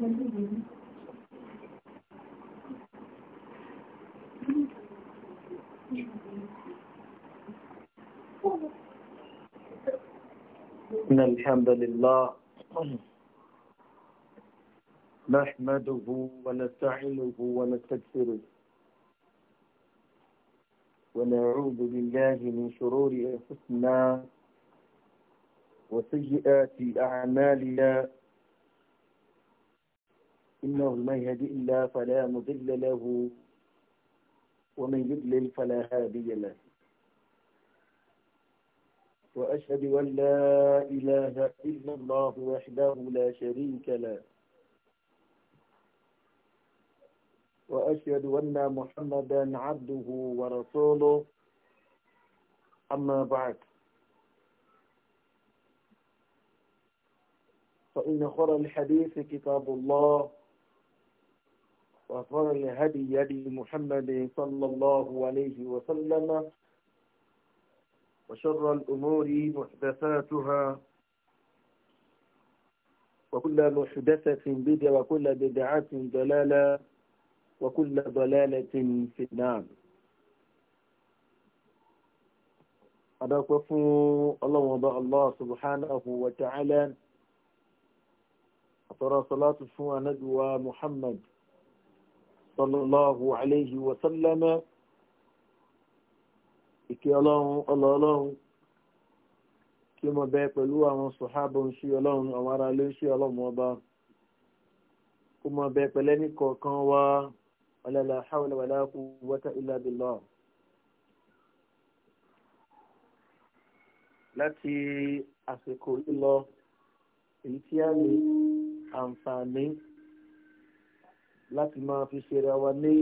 إن الحمد لله نحمده ونستعينه ونستغفره ونعوذ بالله من شرور أنفسنا وسيئات أعمالنا إنه من يهدي إلا فلا مضل له ومن يضلل فلا هادي له وأشهد أن لا إله إلا الله وحده لا شريك له وأشهد أن محمدا عبده ورسوله أما بعد فإن خر الحديث كتاب الله وأفضل الهدي يدي محمد صلى الله عليه وسلم وشر الأمور محدثاتها وكل محدثة بدعة وكل بدعة ضلالة وكل ضلالة في النار أدعوكم الله وضع الله سبحانه وتعالى أترى صلاة فوى ندوى محمد صلى الله عليه وسلم ìkẹ́ ọlọ́run ọlọ́ọ̀lọ́run kí mo bẹ pẹ̀lú àwọn sọ̀hábọ̀ ń ṣe ọlọ́run àwọn ará ilé ṣe ọlọ́run ọba kó mo bẹ pẹ̀lẹ́ ní kọ̀ọ̀kan wá ọlọ́lá hawla wala quwwata illa billah. láti àsìkò yìí èyí tí a lè àǹfààní láti máa fi ṣera wa ní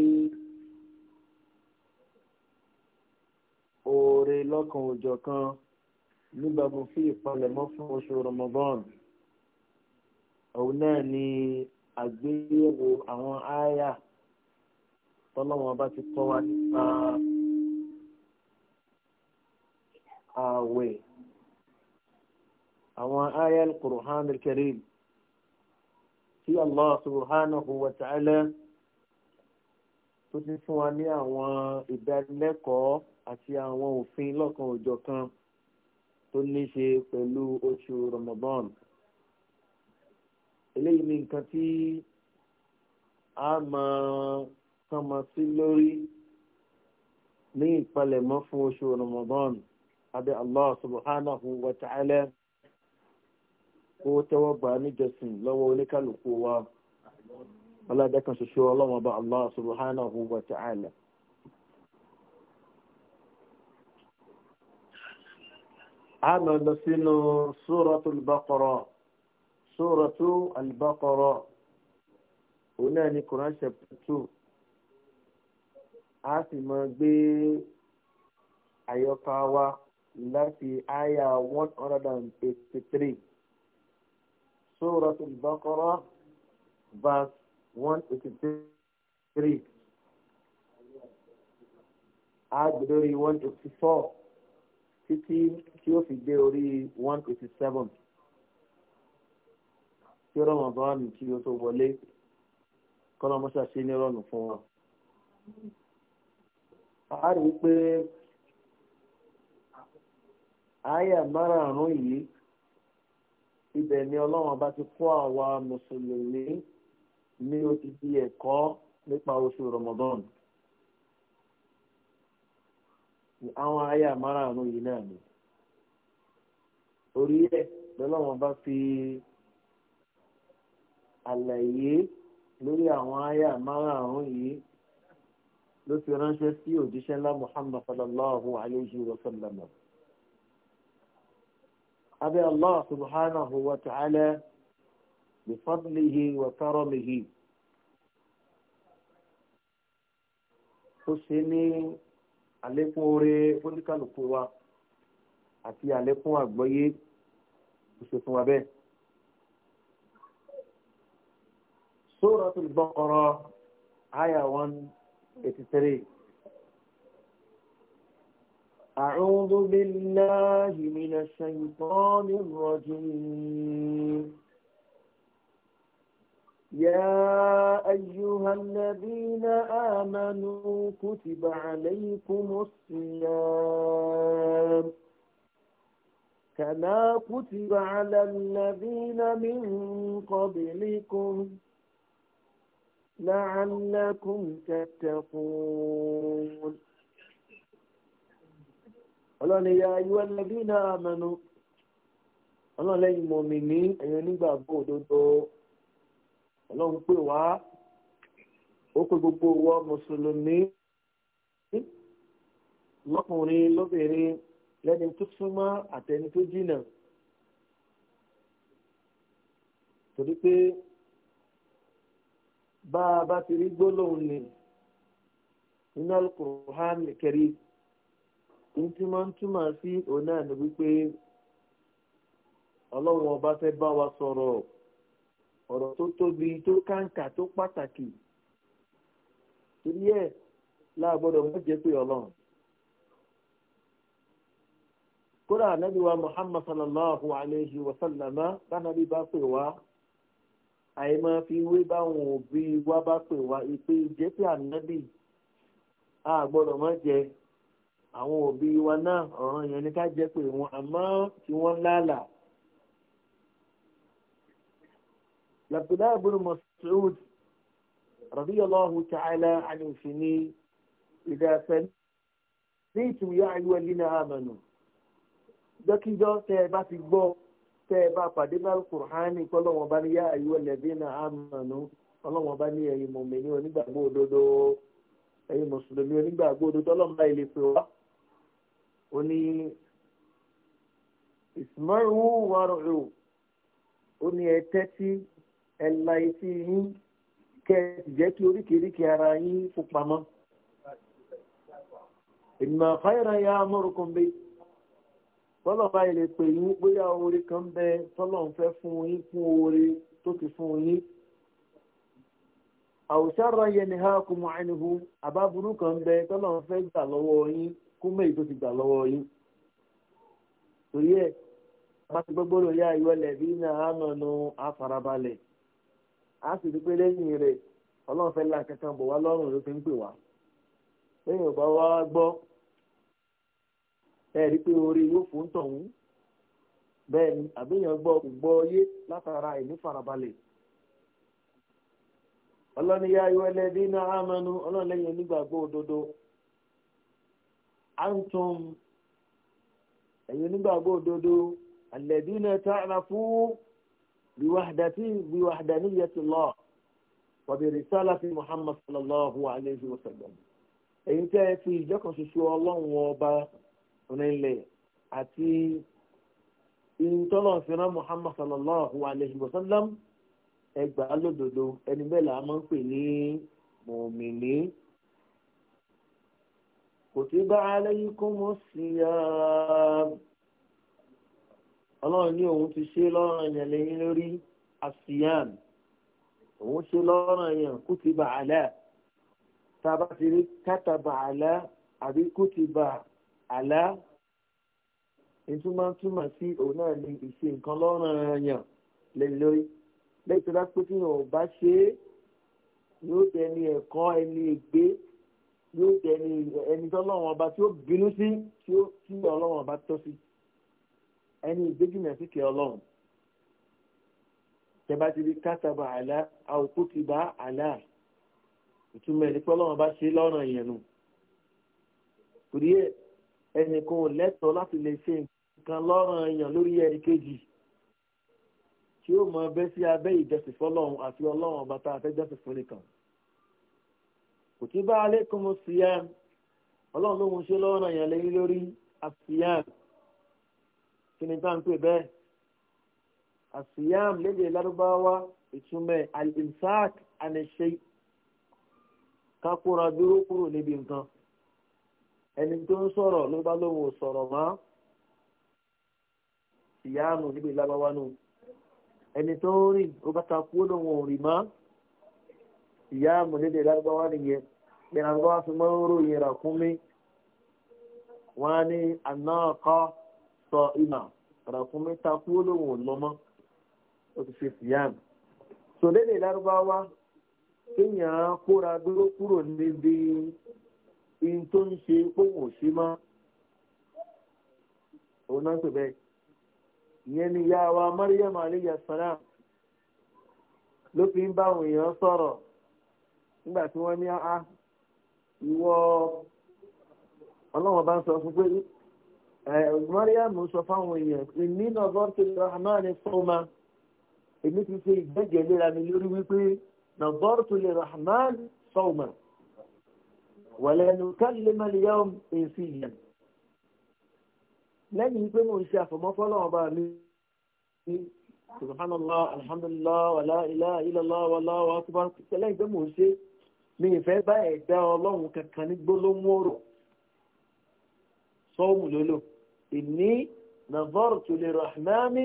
oore lọ́kan òjọ̀ kan nígbàgbọ́ fi ìpalẹ̀mọ́ fún oṣù Ramadan òun náà ni àgbéyẹ̀wò àwọn ááyà tọ́lọ́wọ́n bá ti kọ́ wa nípa ààwẹ̀ àwọn ááyà al tí Allah subhanahu wa ta'ala tó ti fún wa ní àwọn ìdánilẹ́kọ̀ọ́ àti àwọn òfin lọ́kan òjọ̀kan tó ní ṣe pẹ̀lú oṣù Ramadan eléyìí ni nǹkan tí a máa kánmọ sí lórí ní ìpalẹ̀mọ́ fún oṣù Ramadan abẹ́ Allah subhanahu wa ta'ala kó tẹ́wọ́ gbà níjọsìn lọ́wọ́ oníkálukú wa ọlọ́dẹ́kan ṣoṣo ọlọ́wọ́n bá allah subhanahu wa ta'ala. àmọ́ lọ sínú sóràtú albaqara sóràtú albaqara òun náà ní quran chapter two a sì máa gbé àyọkà wa láti àyà one hundred and eighty three. Surah Al-Baqarah, verse 183. Agbedori 184 títí tí ó fi dé orí 187 tí Ramadan kí ó tó wọlé kọ́lọ́mọ́sá sí ní rọ̀nù fún wa. A rí i pé àyà ibẹ̀ ni ọlọ́run ọba ti kó àwa mùsùlùmí ní odidi ẹ̀kọ́ nípa oṣù ramadan àwọn àyà márààrún yìí náà ni orí ẹ̀ lọ́lọ́run bá fi àlàyé lórí àwọn àyà márààrún yìí ló fi ránṣẹ́ sí òjíṣẹ́ ńlá muhammad sallallahu alayhi wa sallam abẹ́ allah subhanahu wa ta'ala bi fadlihi wa karamihi ó ṣe ní àlékún oore oníkàlùkù wa àti àlékún àgbọ́yé ó ṣe fún wa bẹ́ẹ̀. suratul baqara àyà one أعوذ بالله من الشيطان الرجيم يا أيها الذين آمنوا كتب عليكم الصيام كما كتب على الذين من قبلكم لعلكم تتقون ọlọ́ni ya ayúwẹ́ lẹ́bí náà mẹ́nu ọlọ́run lẹ́yìn mọ̀mí ní ẹ̀yàn nígbàgbọ́ òdodo ọlọ́run pè wá ó pè gbogbo wọ mùsùlùmí lọ́kùnrin lóbìnrin lẹ́ni tó súnmọ́ àtẹni tó jìnà torí pé bá a bá ti rí gbólóhùn ní nínú alukóhán kẹrin tí wọ́n ń túmọ̀ sí òun náà ni wípé ọlọ́run ọba fẹ́ bá wa sọ̀rọ̀ ọ̀rọ̀ tó tóbi tó káǹkà tó pàtàkì torí ẹ̀ láàgbọ́dọ̀ wọ́n jẹ́ pé ọlọ́run. kódà ànábì wa muhammad sallallahu alayhi wa sallama bánabi bá pè wá àìmọ́ fi wé báwọn òbí wa bá pè wá ìpè jẹ́ pé ànábì àgbọ́dọ̀ wọ́n jẹ́ àwọn òbí wa náà ọ̀ràn yẹn ni ká jẹ́ pé wọn àmọ́ tí wọ́n lálà. Abdullahi ibn Mas'ud radiyallahu ta'ala anhu ni ìdá sẹ́ni ní ìtumù yá ayú ẹlí náà àmànù. Dọ́kíjọ́ tẹ́ ẹ bá ti gbọ́ tẹ́ ẹ bá pàdé náà Kùránì kọ́lọ́wọ́n bá ní yá ayú ẹlẹ́bí náà àmànù ọlọ́wọ́n bá ní ẹ̀yin mọ̀mí ní onígbàgbọ́ òdodo ẹ̀yin mùsùlùmí onígbàgbọ́ òdodo ọlọ́mọba ilé pé wá. ó ismaru ìsìmọ́rù wàrò ó ní ẹ tẹ́tí ẹ la etí yín kẹ́ jẹ́ kí oríkèéríkèé ara yín fò pamọ́. ìmọ̀ ya mọ́rùkún bẹ́ẹ̀ tọ́lọ̀ báyìí lè pè yín bóyá kan bẹ tọ́lọ̀ ń fẹ́ fún yín fún oore tó ti fún ni ha kò mọ ẹni àbá kan bẹ tọ́lọ̀ ń fẹ́ gbà lọ́wọ́ kume mẹ́yì tó ti gbà lọ́wọ́ yín torí ẹ̀ má ti gbogbo lórí àyọ̀lẹ̀ bí náà á nà nu àfarabalẹ̀ á sì rí pé lẹ́yìn wa gbọ ẹ rí pé orí yóò fún ni àbíyàn kò yé látara ìní bí náà á òdodo. antum ẹ̀yin onígbàgbọ́ òdodo alladhina ta'rafu biwahdati biwahdaniyati Allah wa bi risalati Muhammad sallallahu alayhi wa sallam ẹ̀yin tẹ́ ẹ fi ìjọkan ṣoṣo ọlọ́run ọba rinlẹ̀ àti ìtọ́lọ̀fẹ́ràn Muhammad sallallahu alayhi wa sallam ẹgbàá lódodo ẹni bẹ́ẹ̀ là máa ń pè ní mòmìnir kutiba alaykumu siyam ọlọ́run ní òun ti ṣe lọ́rùn èèyàn lẹ́yìn lórí asiyam òun ṣe lọ́rùn èèyàn kutiba ala tá a bá ti rí kátàbà ala àbí kutiba ala ìtumọ̀ túmọ̀ sí òun náà ní ìṣe nǹkan lọ́rùn èèyàn lẹ́yìn lórí lẹ́yìn tó bá pé kí wọn ò bá ṣe é yóò jẹ́ ẹ̀kọ́ ẹni ègbé yóò jẹ ẹni ẹni tó lọ́wọ́n ọba tí ó bínú sí tí ó tí ọlọ́wọ́n ọba tọ́ sí ẹni ìgbéjìnà sí kẹ ọlọ́run tẹ́bá ti di kátàbà àlá àwòkú ti bá àlá ìtumọ̀ ẹni pé ọlọ́run ọba ṣe lọ́rọ̀ yẹn nù torí ẹ ẹnì kan ò lẹ́tọ̀ọ́ láti lè ṣe nǹkan lọ́rọ̀ yẹn lórí ẹni kejì tí ó mọ bẹ́ sí abẹ́ ìjọsìn fọlọ́run àti ọlọ́run ọba tá a fẹ́ jọ́sìn fún nìkan kutiba alaykumu siyam ọlọ́run ló mú ṣe lọ́rọ̀ yẹn lẹ́yìn lórí asiyam kí ni bá ń pè bẹ́ẹ̀ asiyam lédè lárúbáwá ìtumẹ̀ al-imsak anẹ́ṣe kákúra dúró kúrò níbi nǹkan ẹni tó ń sọ̀rọ̀ ló bá lóun ò sọ̀rọ̀ mọ́ siyamu níbi lábáwá nù ẹni tó ń rìn ó bá ta kú lóun ò rìn mọ́ ìyá àmúlédè lárúbáwá nìyẹn pé lárúbáwá fi máa ń ròyìn wani anaka á ní ànáàkọ sọ ìmà ràkúnmí takú lóhùn lọmọ ó ti ṣe síyàm sòlédè lárúbáwá kéèyàn kóra dúró kúrò níbi ihun tó ń ṣe kóhùn sí mọ́ òun náà pè bẹ́ẹ̀ ìyẹn ni ìyá wa mariam aleyhi salam ló fi ń bá èèyàn sọ̀rọ̀ nígbà tí wọ́n ní á ah, ah, ìwọ ọlọ́wọ́n bá ń sọ fún pé mariam sọ fáwọn èèyàn èmi náà bọ́ọ̀lù tó lọ àmọ́ àní sọ́ọ́mà èmi ti ṣe ìgbẹ́jẹ̀ léra mi lórí wípé náà bọ́ọ̀lù tó lè rahman sọ́ọ́mà wàlẹ́nu kálílẹ̀ mẹ́lẹ́yàwó èsì yẹn lẹ́yìn pé mo ń ṣe àfọ̀mọ́fọ́ bá mi ní subhanallah alhamdulillah wàlá ilá ilá wàlá wàkúbá lẹ́yìn pé mo ń ṣe mi ìfẹ́ bá ẹ̀dá ọlọ́run kankan ní gbólóhùn ọ̀rọ̀ sọ́ọ̀mù lólò ìní nàvọ́rùtù lè rahmani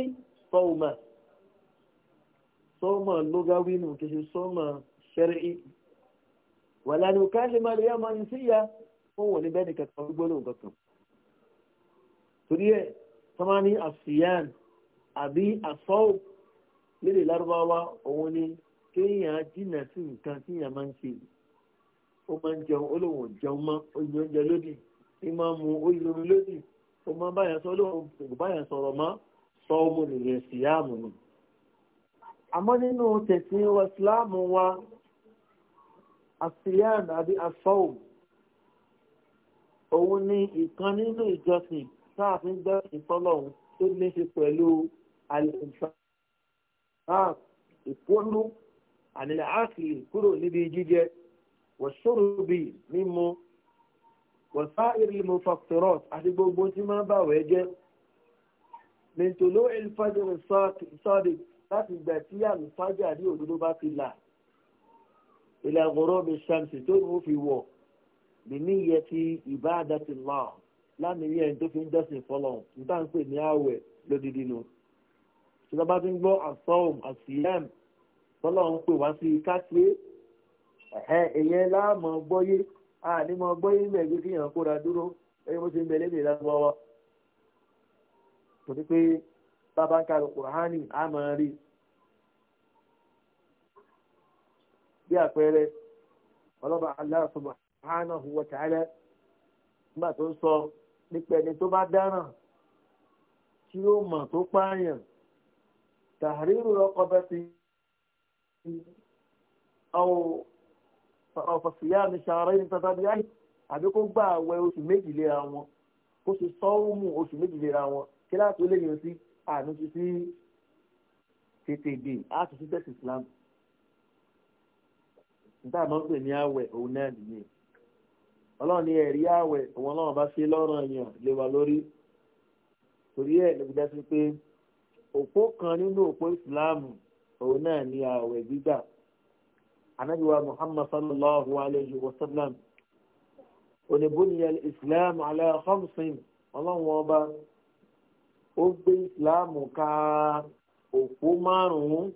sọ́ọ̀mà sọ́ọ̀mà lógáwínù kì í ṣe sọ́ọ̀mà ṣẹ́rẹ́ì wà lánàá káṣí máa rí ọmọ yìí síyá fún wọn ní bẹ́ẹ̀ ni kankan ní gbólóhùn kankan torí ẹ̀ tọ́mọ́ ní àṣìyàn àbí àṣọ́ọ̀ lédè lárúbáwá òun ni kéèyàn jìnnà sí nǹkan tíyàn máa ń ṣe ó máa ń jẹun ó lóun ò jẹun mọ́ ó yin oúnjẹ lódì ní máa mu ó yin omi lódì ó máa báyàn sọ lóun kò báyàn sọ̀rọ̀ mọ́ sọ ọmọ nìyẹn sì yá àmù ni. àmọ́ nínú tẹ̀sìn wa ìsìláàmù wa asiyan àbí asọ́ọ̀ òun ni ìkan nínú ìjọsìn sáàfin gbẹ́sìn tọ́lọ́hún tó ní ṣe pẹ̀lú àlẹ́ǹsà ìkólú ànílẹ̀ áàkì kúrò níbi jíjẹ wọ̀ṣọ́rọ̀bì mímu wọ̀sá ìrìlmù fàktọ̀rọ̀t àti gbogbo tí máa bà wẹ́ jẹ́ mẹ́tòló ìlfàjọ̀rọ̀ sọ́ọ̀dì láti ìgbà tí àlùfájà ní òdodo bá ti là ìlàgọ̀rọ̀ mi ṣàǹsì tó ń fi wọ̀ bìní yẹ ti ìbá àdàtì náà lánàá yẹn tó fi ń dẹ́sìn fọlọ́ nígbà ń pè ní àwẹ̀ lódìdí nu ṣùgbọ́n bá ti ń gbọ́ àsọ̀hùn èyẹ láàmọ gbọ́yé ànímọ gbọ́yé ń bẹ̀rẹ̀ kí èèyàn kóra dúró ẹni mo ti ń bẹ̀rẹ̀ lèlá lọ́wọ́ torí pé bàbá ń karùn kùránì á máa rí bí àpẹẹrẹ ọlọ́ba aláàfọ̀mà hánà huwa tààlẹ́ nígbà tó ń sọ nípa ẹni tó bá dáràn tí ó mọ̀ tó pààyàn tàhírù rọ́kọ bẹ́ẹ̀ ti ọ̀hún ọ̀fọ̀síyá mi ṣàárẹ̀ ní tàbí àyè àbí kó gbà àwẹ̀ oṣù méjì léra wọn kó ṣe sọ́ọ̀mù oṣù méjì léra wọn kí láti ó léyìn sí àánú ti sí tètè dè áàtù sí tẹ̀sí islam níta àmọ́ pè ní àwẹ̀ òun náà nìyẹn ọlọ́run ní ẹ̀rí àwẹ̀ òun ọlọ́run bá ṣe lọ́rọ̀ yàn lé wa lórí torí ẹ̀ ló fi dá sí pé òpó kan nínú òpó ìsìláàmù òun náà ní àwẹ̀ gbígbà anabiwa muhammad sallallahu alayhi wa sallam onibuniya islam ala khamsin ọlọ́run ọba ó gbé islam ka òpó márùn-ún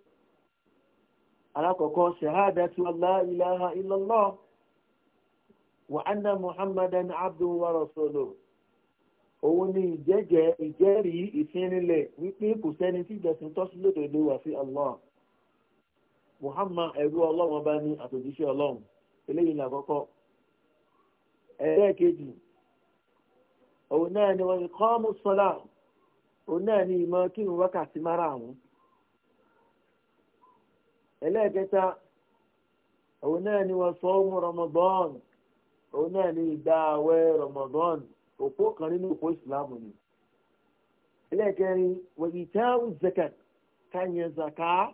alákọ̀ọ́kọ́ shahadatu la ilaha illallah wa anna muhammadan abdu wa rasuluhu òun ni ìjẹ́jẹ́ ìjẹ́rìí ìfinrinlẹ̀ wípé kò sẹ́ni tí ìjọsìn tọ́sí lódodo wà sí allah muhammad ẹ̀rú ọlọ́run ọba ní àtòjíṣẹ́ ọlọ́run eléyìí ní àkọ́kọ́ ẹ̀ẹ́dẹ́kejì òun náà ni wọ́n kọ́ mú sọ́lá òun náà ni ìmọ̀ kí n wákàtí márààrún ẹlẹ́ẹ̀kẹta òun náà ni wọ́n sọ ọmọ ramadan òun náà ni ìgbà àwẹ̀ ramadan òpó kan nínú òpó ìsìlámù ni ẹlẹ́ẹ̀kẹrin wọ́n ìtẹ́ zakat káyẹn zakat.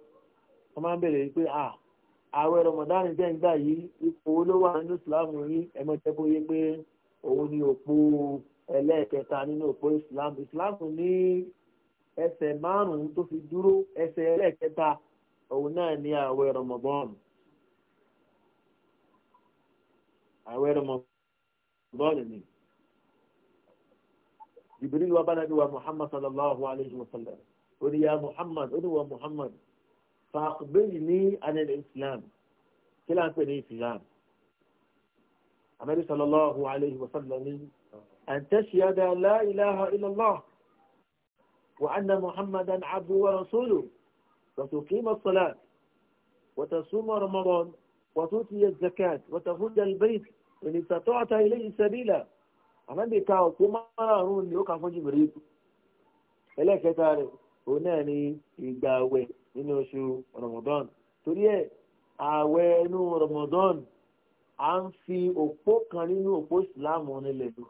wọ́n máa ń bèrè pé à ààwẹ̀ rọmọdánì tẹ́ ń gbà yìí ipò ló wà nínú ìsìláàmù yìí ẹ mọ̀ tẹ́ kó yé pé òun ni òpó ẹlẹ́ẹ̀kẹta nínú òpó ìsìláàmù ìsìláàmù ní ẹsẹ̀ márùn-ún tó fi dúró ẹsẹ̀ ẹlẹ́ẹ̀kẹta òun náà ní ààwẹ̀ rọmọdánì ààwẹ̀ Ramadan ni ìbírí wa bá nàbí wa muhammad sallallahu alayhi wa sallam ó muhammad ó ní muhammad fàkùbẹ́yì ní anẹ́lẹ̀ islam kí là ń pè ní islam amẹ́rí sallallahu alayhi wa sallam ní àǹtẹ́ṣíyàdá la ilaha illallah wa anna muhammadan abdu wa rasulu wa tuqima salat wa tasuma ramadan wa tutiya zakat wa tahujja albayt in istata'ta ilayhi sabila ká òkú márùn-ún ni ó kà fún jìbìrì ẹlẹ́kẹta rẹ̀ òun náà ni ìgbà wẹ̀ nínú oṣù ramadan torí ẹ̀ ààwẹ̀ inú ramadan à ń fi òpó kan nínú òpó ìsìláàmù nílẹ̀ lọ.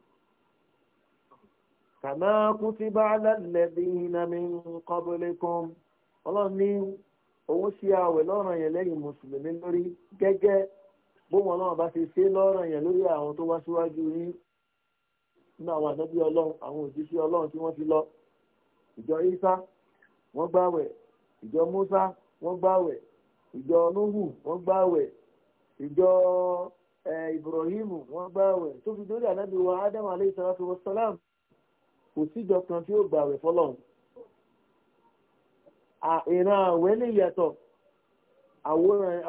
kàmá kutiba alladhina min qablikum ọlọ́run ní owó sí ààwẹ̀ lọ́ràn yẹn lẹ́yìn mùsùlùmí lórí gẹ́gẹ́ bóun ọlọ́run bá ti ṣe lọ́ràn yẹn lórí àwọn tó wá síwájú yín nínú àwọn ànábí ọlọ́run àwọn òjíṣẹ́ ọlọ́run tí wọ́n ti lọ ìjọ ìsá wọ́n gbáwẹ̀ ìjọ musa wọ́n gbàwẹ̀ ìjọ nuhu wọ́n gbàwẹ̀ ìjọ ibrahim wọ́n gbàwẹ̀ tó fi dórí ànábì wa adam aleyhi salatu wa salam kò síjọ kan tí ó gbàwẹ̀ fọlọ́run ìran àwẹ̀ lè yàtọ̀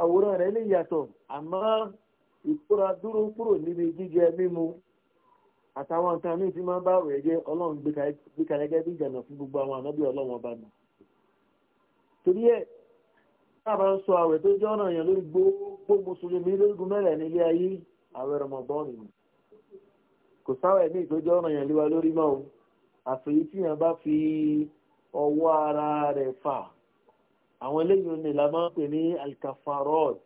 àwòrán rẹ̀ lè yàtọ̀ àmọ́ ìkóra dúró kúrò níbi jíjẹ mímu àtàwọn nǹkan míì tí máa ń bá àwẹ̀ jẹ́ ọlọ́run gbé kalẹ̀ gẹ́gẹ́ bí ìjànà fún gbogbo àwọn ànábì ọlọ́run ọba nù torí ẹ̀ tábà ń sọ àwẹ̀ tó jẹ́ ọ̀nà èèyàn lórí gbogbo mùsùlùmí lórígun mẹ́rẹ̀ nílé ayé àwẹ̀ rọmọbọ́ọ̀nì ni kò sáwẹ̀ ní ìtọ́jú ọ̀nà èèyàn léwa lórí mọ́ o àfẹ́yí tí yàn bá fi ọwọ́ ara rẹ̀ fà àwọn eléyìí ni la máa ń pè ní alkafarod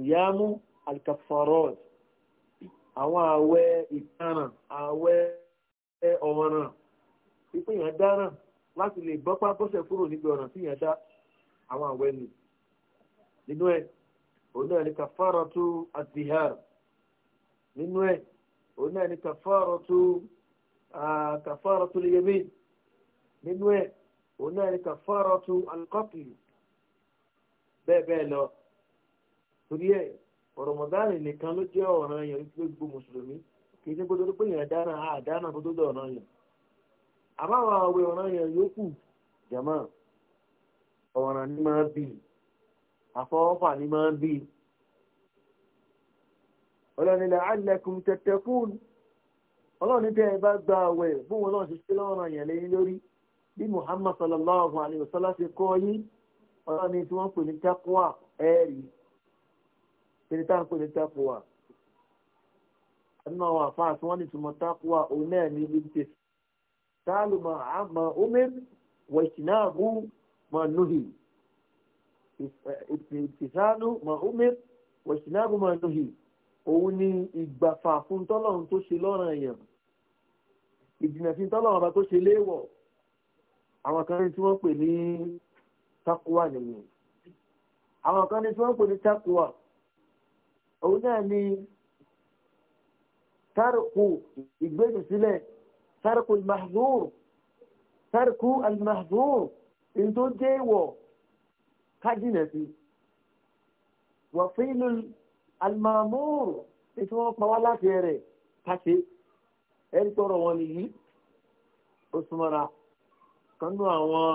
ìyáàmú alkafarod àwọn àwẹ̀ ìtanràn àwẹ̀ ọ̀ràn pípéyàn dáràn láti lè bọ́pá bọ́sẹ̀ kúrò níbi ọ̀ràn tí yẹn dá àwọn àwẹ̀ nù nínú ẹ̀ òun náà ní kafaratu adihar nínú ẹ̀ òun náà ní kafaratu kafaratu liyamin nínú ẹ̀ òun náà ní kafaratu alqatl bẹ́ẹ̀ bẹ́ẹ̀ lọ torí ẹ̀ ọ̀rọ̀mọ̀dánì nìkan ló jẹ́ ọ̀ràn yẹn gbogbo mùsùlùmí kì í ṣe gbọdọ̀ pé yẹn dáná àdáná gbọdọ̀ ọ̀ràn yẹn àbáwọn àwẹ̀ ọ̀ràn yẹn yòókù jẹ̀mọ́ ọ̀ràn ni máa ń bì àfọwọ́fà ni máa ń bì ọlọ́ni la'allakum tattaqun ọlọ́ni tẹ́ ẹ bá gba àwẹ̀ fún wọn náà ṣiṣẹ́ lọ́rọ̀ yẹn lẹ́yìn lórí bí muhammad sallallahu alayhi wa sallam ṣe kọ́ yín wọ́n pè ní takwa òun náà ní ibi tẹ̀sí sáàlù ma omer wẹ̀tìnáàbù ma nuhi ìtìsáàlù eh, ma omer wẹ̀tìnáàbù ma nuhi òun ni ìgbàfà fún tọ́lọ́run tó ṣe lọ́rùn èèyàn ìdìnà sí tọ́lọ́run ọba tó ṣe léèwọ̀ àwọn kan ní tí wọ́n pè ní takuwa nìyẹn àwọn kan ní tí wọ́n pè ní takuwa òun náà ni tárùkù ìgbésùsílẹ̀ tarku al-mahzur tarku al-mahzur in tó jẹ́ ìwọ̀ kájìnà sí wà fílù al-mamur ètò wọn pa wá láti ẹ̀rẹ̀ káṣe ẹ̀rí tọrọ wọn nìyí ó súnmọ́ra kanú àwọn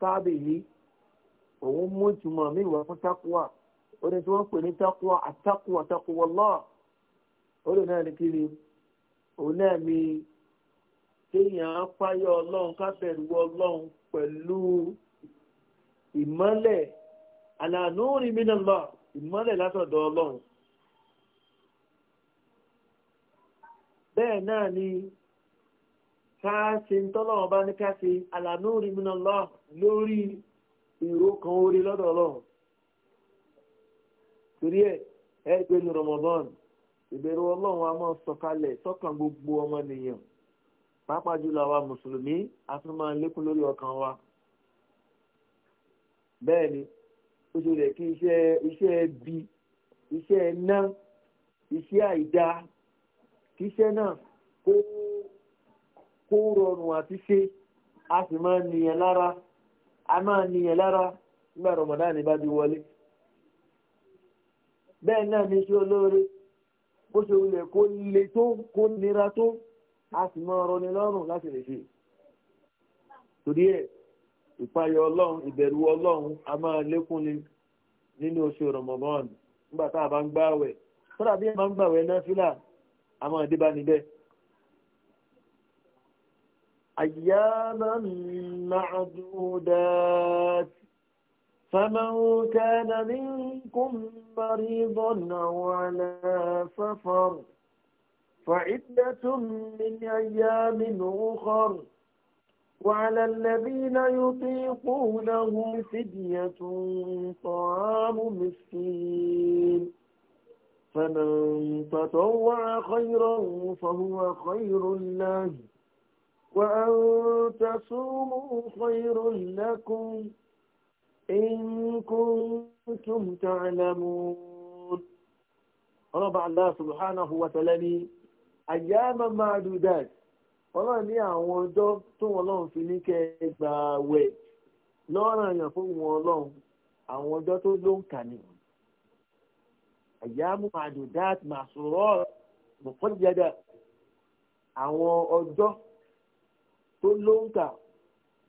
tábì yìí òun mú ìtumọ̀ mi wá fún takuwa ó ní tí wọ́n pè ní takuwa àtakuwa takuwa lọ́ọ̀ ó lè náà ní kiri òun náà ní. kéèyàn fáyọ̀ ọlọ́run kábẹ̀rù ọlọ́run pẹ̀lú ìmọ́lẹ̀ ala mìíràn lọ ìmọ́lẹ̀ látọ̀dọ̀ ọlọ́run bẹ́ẹ̀ náà ni káàsì tọ́lọ̀ ọba ní káàsì àlànúrin mìíràn lọ lórí ìró kan orí lọ́dọ̀ ọlọ́run torí ní a máa pàápàá jùlọ àwa mùsùlùmí a tún máa lékún lórí ọkàn wa bẹ́ẹ̀ ni ó ṣe rẹ̀ kí iṣẹ́ iṣẹ́ bi, iṣẹ́ ná iṣẹ́ àìdá kí iṣẹ́ náà kó kó rọrùn àti ṣe a sì máa nìyẹn lára a máa nìyẹn lára nígbà rọmọdáàni bá di wọlé bẹ́ẹ̀ náà ni iṣẹ́ olóore bó ṣe wulẹ̀ kó le tó kó nira tó a sì mọ ọrọ lọ́rùn láti lè ṣe torí ẹ̀ ìpayọ̀ ọlọ́run ìbẹ̀rù ọlọ́run a máa lékún ni nínú oṣù rọmọbọ́ọ̀nù nígbà tá a bá ń gbààwẹ̀ kódà bí ẹ máa ń gbààwẹ̀ náà fílà a máa dé bá níbẹ̀. àyàmà màdúdàt فمن كان منكم مريضا وعلى سفر فعدة من أيام أخر وعلى الذين يطيقونه فدية طعام مسكين فمن تطوع خيرا فهو خير له وأن تصوموا خير لكم إن كنتم تعلمون رب الله سبحانه وتعالى àyàmà máa do that. ọlọ́run ní àwọn ọjọ́ tó wọn lọ́run fi ní kẹ́ gbà wẹ̀ lọ́rùn àyàn fún wọn ọlọ́run àwọn ọjọ́ tó ló ń kà ní. àyàmà máa dùn dàt máa sọ̀rọ̀ mọ̀kànlélẹ́dà àwọn ọjọ́ tó ló ń kà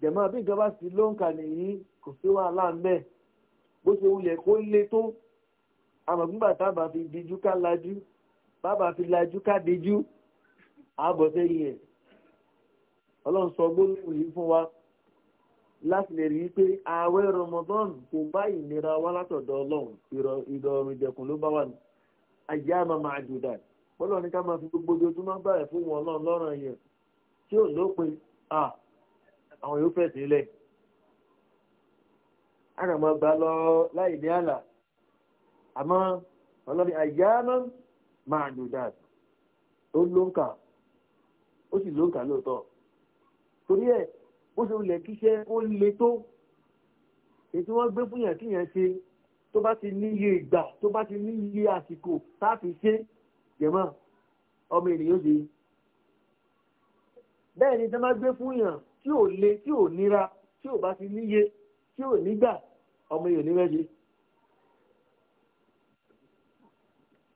jẹ̀mọ́ bí nǹkan bá sì ló ń kà nìyí kò sí wàhálà ń bó ṣe wulẹ̀ kó lé tó àmọ̀ nígbà bá fi dijú ká lajú bàbá fi lajú kádìjú àbọ̀sẹ̀ yìí ẹ̀ ọlọ́run sọ gbólóhùn yìí fún wa láti lè rí i pé ààwẹ̀ ramadan kò bá ìnira wá látọ̀dọ̀ ọlọ́run ìrọ̀rùn ìjẹ̀kùn ló bá wà ní àjẹ́ àmà máa jùdà bọ́lọ̀ ní ká máa fi gbogbo ojoojúmọ́ bẹ̀rẹ̀ fún wọn náà lọ́rọ̀ yẹn tí ò lópin àwọn yóò fẹ̀ sílẹ̀ àràmọ́ gbà lọ láì ní àlà àmọ́ ọlọ́run àjẹ́ àmà máa lò dáa ó lóǹkà ó sì lóǹkà lóòótọ́ torí ẹ̀ ó ṣe olè kíṣẹ́ ó le tó ètò wọn gbé fún yàn kí yàn ṣe tó bá ti níye ìgbà tó bá ti níye àsìkò táàfin ṣe jẹ̀mọ́ ọmọ ènìyàn ṣe bẹ́ẹ̀ ni tó bá gbé fún yàn tí ò le tí ò nira tí ò bá ti níye tí ò nígbà ọmọ ènìyàn ṣe.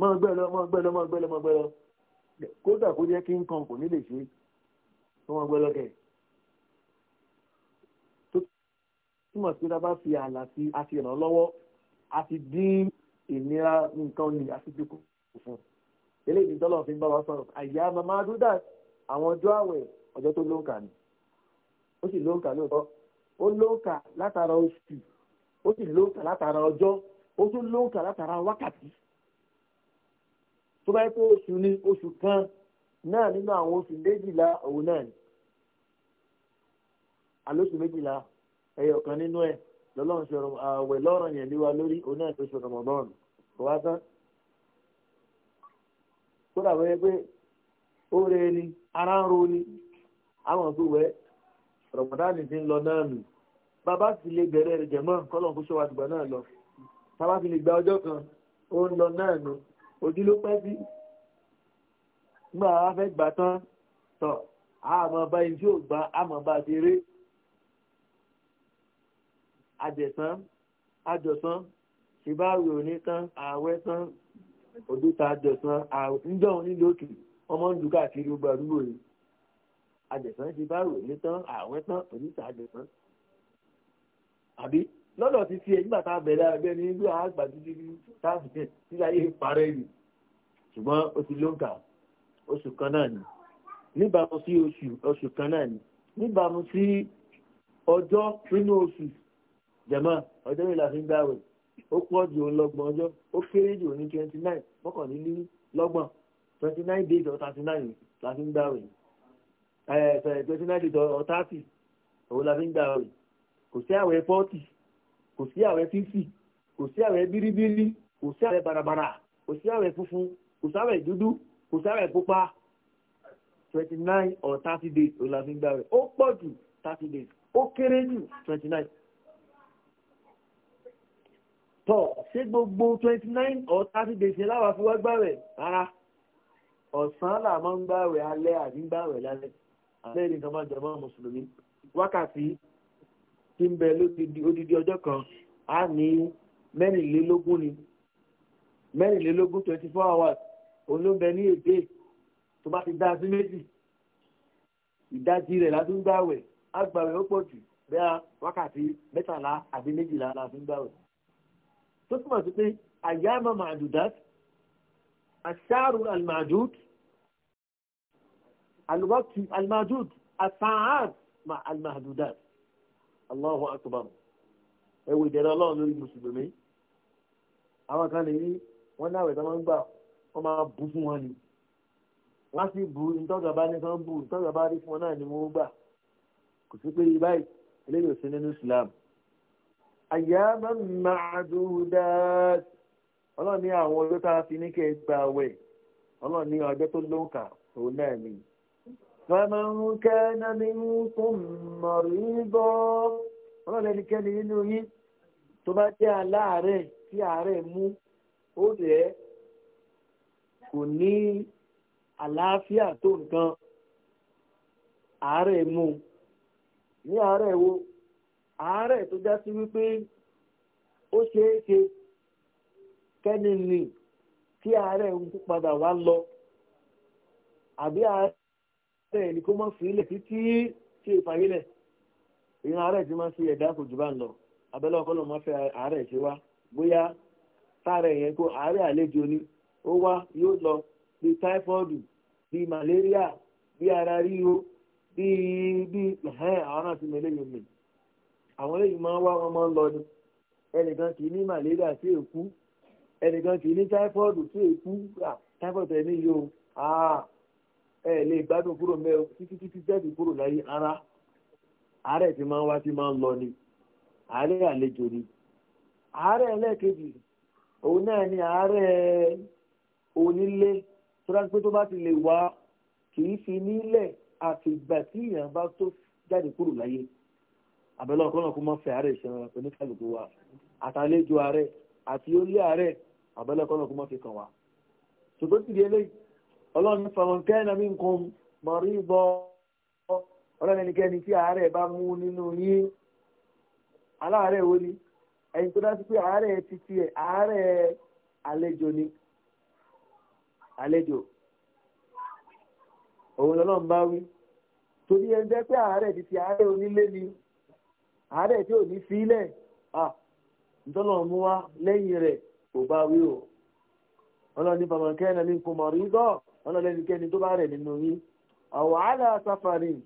mọ́ gbẹ́lọ mọ́ gbẹ́lọ mọ́ gbẹ́lọ mọ́ gbẹ́lọ kódà kó jẹ́ kí nǹkan kò ní lè ṣe tó mọ́ gbẹ́lọ kẹ̀. tó túmọ̀ sí dábàá fi ààlà sí a ti ràn lọ́wọ́ a ti dín ìnira nǹkan ní àfijúkú fún eléyìí tọ́lọ̀ fi ń bá wa sọ̀rọ̀ àyà màmá dúdà àwọn ọjọ́ àwẹ̀ ọjọ́ tó ló ń kà ní ó sì ló ń kà lóòótọ́ ó ló ń kà látara oṣù ó sì ló ń kà látara ọjọ́ ó tún ló látara wákàtí tó bá yẹ pé oṣù ni oṣù kan náà nínú àwọn oṣù méjìlá òun náà ni àlóṣù méjìlá ẹyọ kan nínú ẹ lọ́lọ́run ṣe àwẹ̀ lọ́rọ̀ yẹn lé wa lórí òun náà tó ṣe rọmọbọ́n kò wá tán tó dàbọ̀ yẹ pé ó ni ara ń ro ni àwọn tó wẹ̀ rọmọdánì ti ń lọ náà nù bàbá sì lè bẹ̀rẹ̀ rẹ̀ jẹ̀mọ́ kọ́lọ́n kó náà lọ bàbá sì lè gba ọjọ́ kan ó ń lọ náà nù ojú ló pẹ́ sí nígbà wọn fẹ́ gbà tán tọ̀ àmọ́ bá ibi ò gbà àmọ́ bá ti rí àjẹ̀sán àjọ̀sán ìbáwí òní tán ààwẹ́ tán òdúta àjọ̀sán níjọ́ nílò òkè ọmọ ń dùkà kiri gbogbo àdúgbò yìí àjẹ̀sán ìbáwí òní tán ààwẹ́ tán òdúta àjọ̀sán àbí lọ́dọ̀ ti fi ẹ̀yìn bàtà bẹ̀rẹ̀ ẹgbẹ́ ní ibi àgbà títí táàbù títí ayé parẹ́ ni ṣùgbọ́n oṣù lóǹkà oṣù kan náà ni níbàámu sí oṣù oṣù kan náà ni níbàámu sí ọjọ́ nínú oṣù jẹ̀mọ́ ọjọ́ yìí la fi ń gbàwẹ̀ ó pọ̀ ju ọlọ́gbọ̀n ọjọ́ ó kéré jù ní twenty nine mọ́kànlélọ́gbọ̀n twenty nine days or thirty nine la fi ń gbàwẹ̀ ẹ̀ twenty nine days or thirty òun la fi ń gbàwẹ̀ kò sí àwẹ̀ forty kò sí àwẹ̀ fífì kò sí àwẹ̀ bíríbírí kò sí àwẹ̀ bàràbàrà kò sí àwẹ̀ funfun kò sí àwẹ̀ dúdú kò sí àwẹ̀ pupa twenty nine or thirty days ó la fi ń gbà rẹ̀ ó pọ̀ jù thirty days ó kéré jù twenty nine tọ́ ṣé gbogbo twenty nine or thirty days yẹn láwa fi wá gbà rẹ̀ rárá ọ̀sán là máa ń gbà rẹ̀ alẹ́ àti ń gbà rẹ̀ lálẹ́ alẹ́ nìkan máa jẹ mọ́ mùsùlùmí wákàtí tí ń bẹ lódidi odidi ọjọ́ kan á ní mẹ́rìnlélógún ni mẹ́rìnlélógún twenty four hours olóńgbẹ ní èdè tó bá ti dá sí méjì ìdajì rẹ̀ la fi ń gbàwẹ̀ agbàwẹ̀ ó pọ̀ jù bẹ́ẹ̀ wákàtí mẹ́tàlá àbí méjìlá la ń gbàwẹ̀ tó túmọ̀ sí pé àyàmọ̀ màdùdát àṣàrù àlmàdùd àlùwàkì àlmàdùd àtàhàd àlmàdùdát. Allahu akbar ẹwù ìdẹ̀rẹ̀ ọlọ́run lórí mùsùlùmí àwọn kan lè rí wọn náà rẹ̀ tó máa ń gbà wọ́n máa fún wọn ni wọ́n sì bu ìtọ́jà bá ní kan bú ìtọ́jà bá rí fún wọn náà ni wọ́n gbà kò sí pé báyìí eléyìí ò sí nínú Islam ọlọ́run a fi ní فمن كان منكم مريضا wọ́n lẹ́ni kẹ́ni nínú yín tó bá jẹ́ aláàárẹ̀ tí àárẹ̀ mú ó rẹ̀ kò ní àlàáfíà tó nǹkan àárẹ̀ mú ní àárẹ̀ wo àárẹ̀ tó já sí wípé ó ṣeé ṣe kẹ́ni nì tí àárẹ̀ ń padà wá lọ àbí àárẹ̀. bẹ́ẹ̀ ni kó fi sílẹ̀ títí tí ìfàyè lẹ̀ ìran àárẹ̀ ti máa ń ẹ̀dá kò jù bá ń lọ abẹ́lẹ́ máa fẹ́ ṣe wá bóyá ni ó wá yóò lọ bíi táífọ́ọ̀dù bíi màlẹ́ríà bíi ara ríro bíi bíi àwọn náà ti mọ eléyìí mi àwọn eléyìí máa wá wọn máa ń lọ ni ẹnìkan kì í ní màlẹ́ríà sí èkú ẹnìkan ẹ lè gbádùn kúrò mẹ́ o títí títí jáde kúrò láyé ara àárẹ̀ tí máa ń wá tí máa ń lọ ni àárẹ̀ àlejò ni àárẹ̀ ẹlẹ́ẹ̀kejì òun náà ni àárẹ̀ onílé tó dájú pé tó bá ti lè wá kì í fi nílẹ̀ àfìgbà tí èèyàn bá tó jáde kúrò láyé àbẹ̀lẹ̀ ọ̀kan náà kó má fẹ́ àárẹ̀ ìṣẹ̀rẹ̀ oníkàlùkù wa àtàlejò àárẹ̀ àti orí àárẹ̀ àbẹ̀lẹ̀ ọ̀kan náà kó má fi kàn wá ṣùgbọ́n ti di eléyìí ọlọ́run fọwọ́n kẹ́nà mí nǹkan mọ̀rí bọ́ ọlọ́run ẹnikẹ́ni tí ààrẹ bá mú nínú yín aláàárẹ̀ wo ni ẹni tó dá sí pé ààrẹ títí ẹ̀ ààrẹ àlejò ni àlejò òun lọ́lọ́run bá wí torí ẹni jẹ́ pé ààrẹ títí ààrẹ onílé ni ààrẹ tí ò ní sílẹ̀ ah ìtọ́nà mú wá lẹ́yìn rẹ̀ kò bá wí o ọlọ́run ní bàbá kẹ́nà mí nǹkan mọ̀rí bọ́ wọn lọ lẹ́nikẹ́ni tó bá rẹ̀ nínú yín àwọ̀ àlà sáfàrin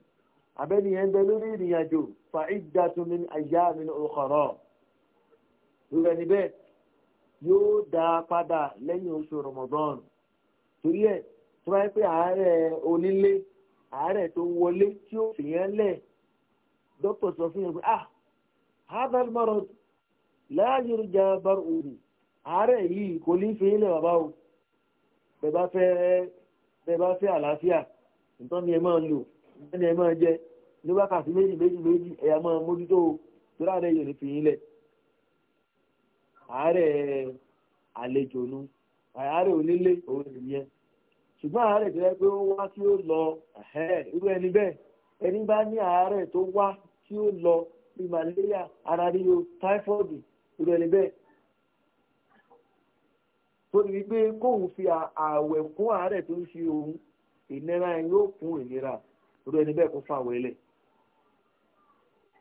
abẹ́ni yẹn bẹ lórí ìrìn àjò fa iddatun min ayamin ukhara lórí ẹni bẹ́ẹ̀ yóò dá padà lẹ́yìn oṣù Ramadan torí ẹ̀ tó bá yẹ pé àárẹ̀ onílé àárẹ̀ tó wọlé tí ó fìyẹn lẹ̀ dókítà sọ fún yẹn pé ah hadha al-marad la yurja bar'uhu àárẹ̀ yìí kò ní fi ilẹ̀ bàbá o bẹ́ẹ̀ bá fẹ́ bẹ́ẹ̀ bá fẹ́ àlàáfíà nǹkan ni ẹ máa lò nǹkan ni ẹ máa jẹ ní wákàtí méjì méjì méjì ẹ̀yà máa mójútó tó láàrẹ̀ yóò ní fìyín lẹ̀ àárẹ̀ àlejò àárẹ̀ onílé òun nìyẹn ṣùgbọ́n àárẹ̀ tó yẹ pé ó wá tí ó lọ irú ẹni bẹ́ẹ̀ ẹni bá ní àárẹ̀ tó wá tí ó lọ bí malaria ara ríro táífọ́ọ̀dù irú ẹni bẹ́ẹ̀ tó ti wípé kóun fi ààwẹ̀ kún àárẹ̀ tó ń ṣe òun ìnira yóò kún ìnira torí ẹni bẹ́ẹ̀ kó fà wẹ́lẹ̀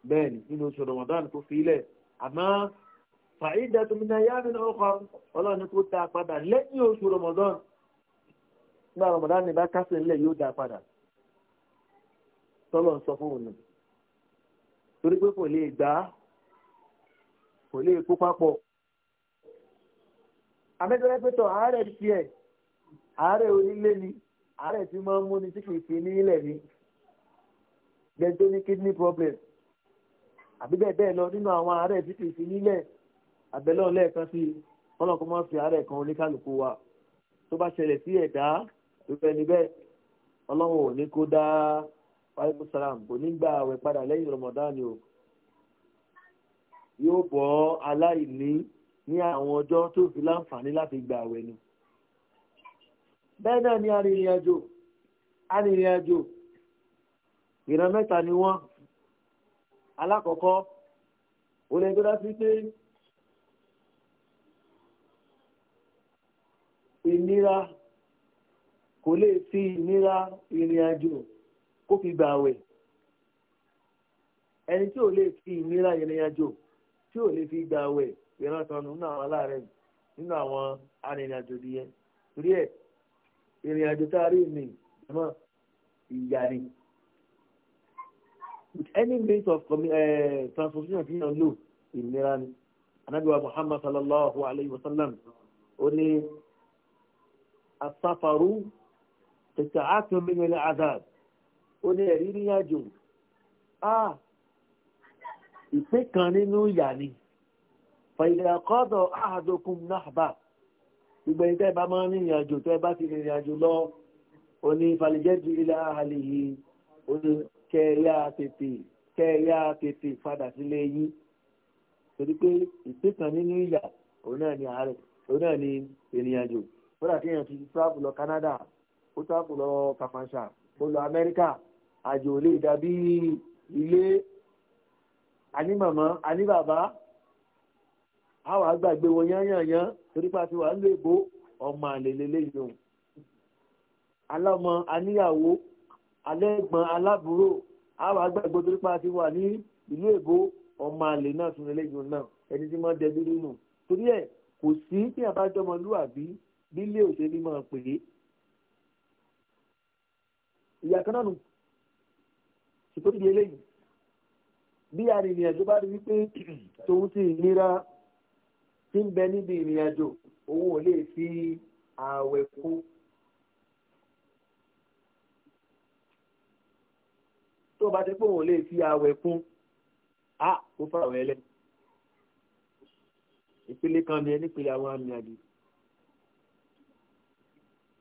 bẹ́ẹ̀ ni nínú oṣù ramadan tó fi ilẹ̀ àmọ́ fàídà tó mi náà yá mi náà kọ́ ọlọ́run ní kó ta padà lẹ́yìn oṣù ramadan nígbà ramadan ni bá kásẹ̀ ńlẹ̀ yóò da padà tọ́lọ̀ ń sọ fún òun torí pé kò lè gbà kò lè kó papọ̀ àmẹ́tẹ́rẹ́ pé tọ̀ àárẹ̀ ti ẹ̀ àárẹ̀ onílé ni àárẹ̀ tí máa ń múni tí kìí fi nílẹ̀ ni bẹ́ẹ̀ tó ní kidney problem àbí bẹ́ẹ̀ bẹ́ẹ̀ lọ nínú àwọn àárẹ̀ tí kìí fi nílẹ̀ àbẹ̀lọ́ lẹ́ẹ̀kan sí ọlọ́kọ́ máa fi àárẹ̀ kan oníkálukú wa tó bá ṣẹlẹ̀ sí ẹ̀dá ìfẹ́ níbẹ̀ ọlọ́run ò ní kó dá wàlúù sàlám kò ní gbà àwẹ̀ padà lẹ́yìn rọmọdánì o yóò bọ́ aláìní ní àwọn ọjọ́ tó fi láǹfààní láti gba àwẹ̀ ni. bẹ́ẹ̀ náà ni arìnrìn-àjò ìran mẹ́ta ni wọ́n alákọ̀ọ́kọ́ olè tó dá sí pé ìnira kò lè fi ìnira ìrìnàjò kó fi gbà àwẹ̀ ẹni tí ò lè fi ìnira ìrìnàjò tí ò lè fi gbà àwẹ̀ ìran sọnù nínú àwọn aláàárẹ̀ nínú àwọn arìnrìnàjò nìyẹn torí ẹ̀ ìrìnàjò tá a rí ni ẹ̀mọ́ ìyá ni with any means of eh, transportation ti yàn lò ìnira ni anabiwa muhammad sallallahu alayhi wa sallam ó ní asafaru tètè àtúnbíyàn azad ó ní ẹ̀rí ìrìnàjò ah ìpín kan nínú ìyá ni fàìlẹ̀ ọkọ́dọ̀ àádókùn náà gbogbo ẹni tẹ́ bá máa ní ìrìnàjò tẹ́ bá ti rìnrìnàjò lọ oní falẹ̀jẹ́jú ilẹ̀ àhàlẹ̀ yìí oní kẹ́ẹ̀yà tètè kẹ́ẹ̀yà tètè padà sílé yín torí pé ìpínkàn nínú ìyà òun náà ni àárẹ̀ òun náà ni ìrìnàjò kódà kí èèyàn ti tíráàpù lọ Canada ó tíráàpù lọ kàfàǹṣà ó lọ Amẹ́ríkà àjò lè dàbí ilé àní màmá àní bàbá àwọn àgbàgbé wọn yányànyán torí pa ti wà ń lèbó ọmọ àlèlélé yòó alámọ aníyàwó alẹ́gbọ̀n alábúrò àwọn àgbàgbé torí pa ti wà ní ìlú èbó ọmọ àlè náà tún lélé yòó náà ẹni tí wọ́n dẹbi nínú torí ẹ̀ kò sí bí àbájọmọlúwàbí bílé òṣèlú máa pè é ìyá kan náà nù ṣùgbọ́n ti di bí arìnrìn àjò rí wípé tòun ti nira tí ń bẹ níbi ìrìn àjò owó ò lè fi ààwẹ̀ kú. tó bá ti pé òun lè fi ààwẹ̀ kún á kó fàwẹ̀ ẹlẹ́ ìpele kan ni nípele àwọn àmì àdì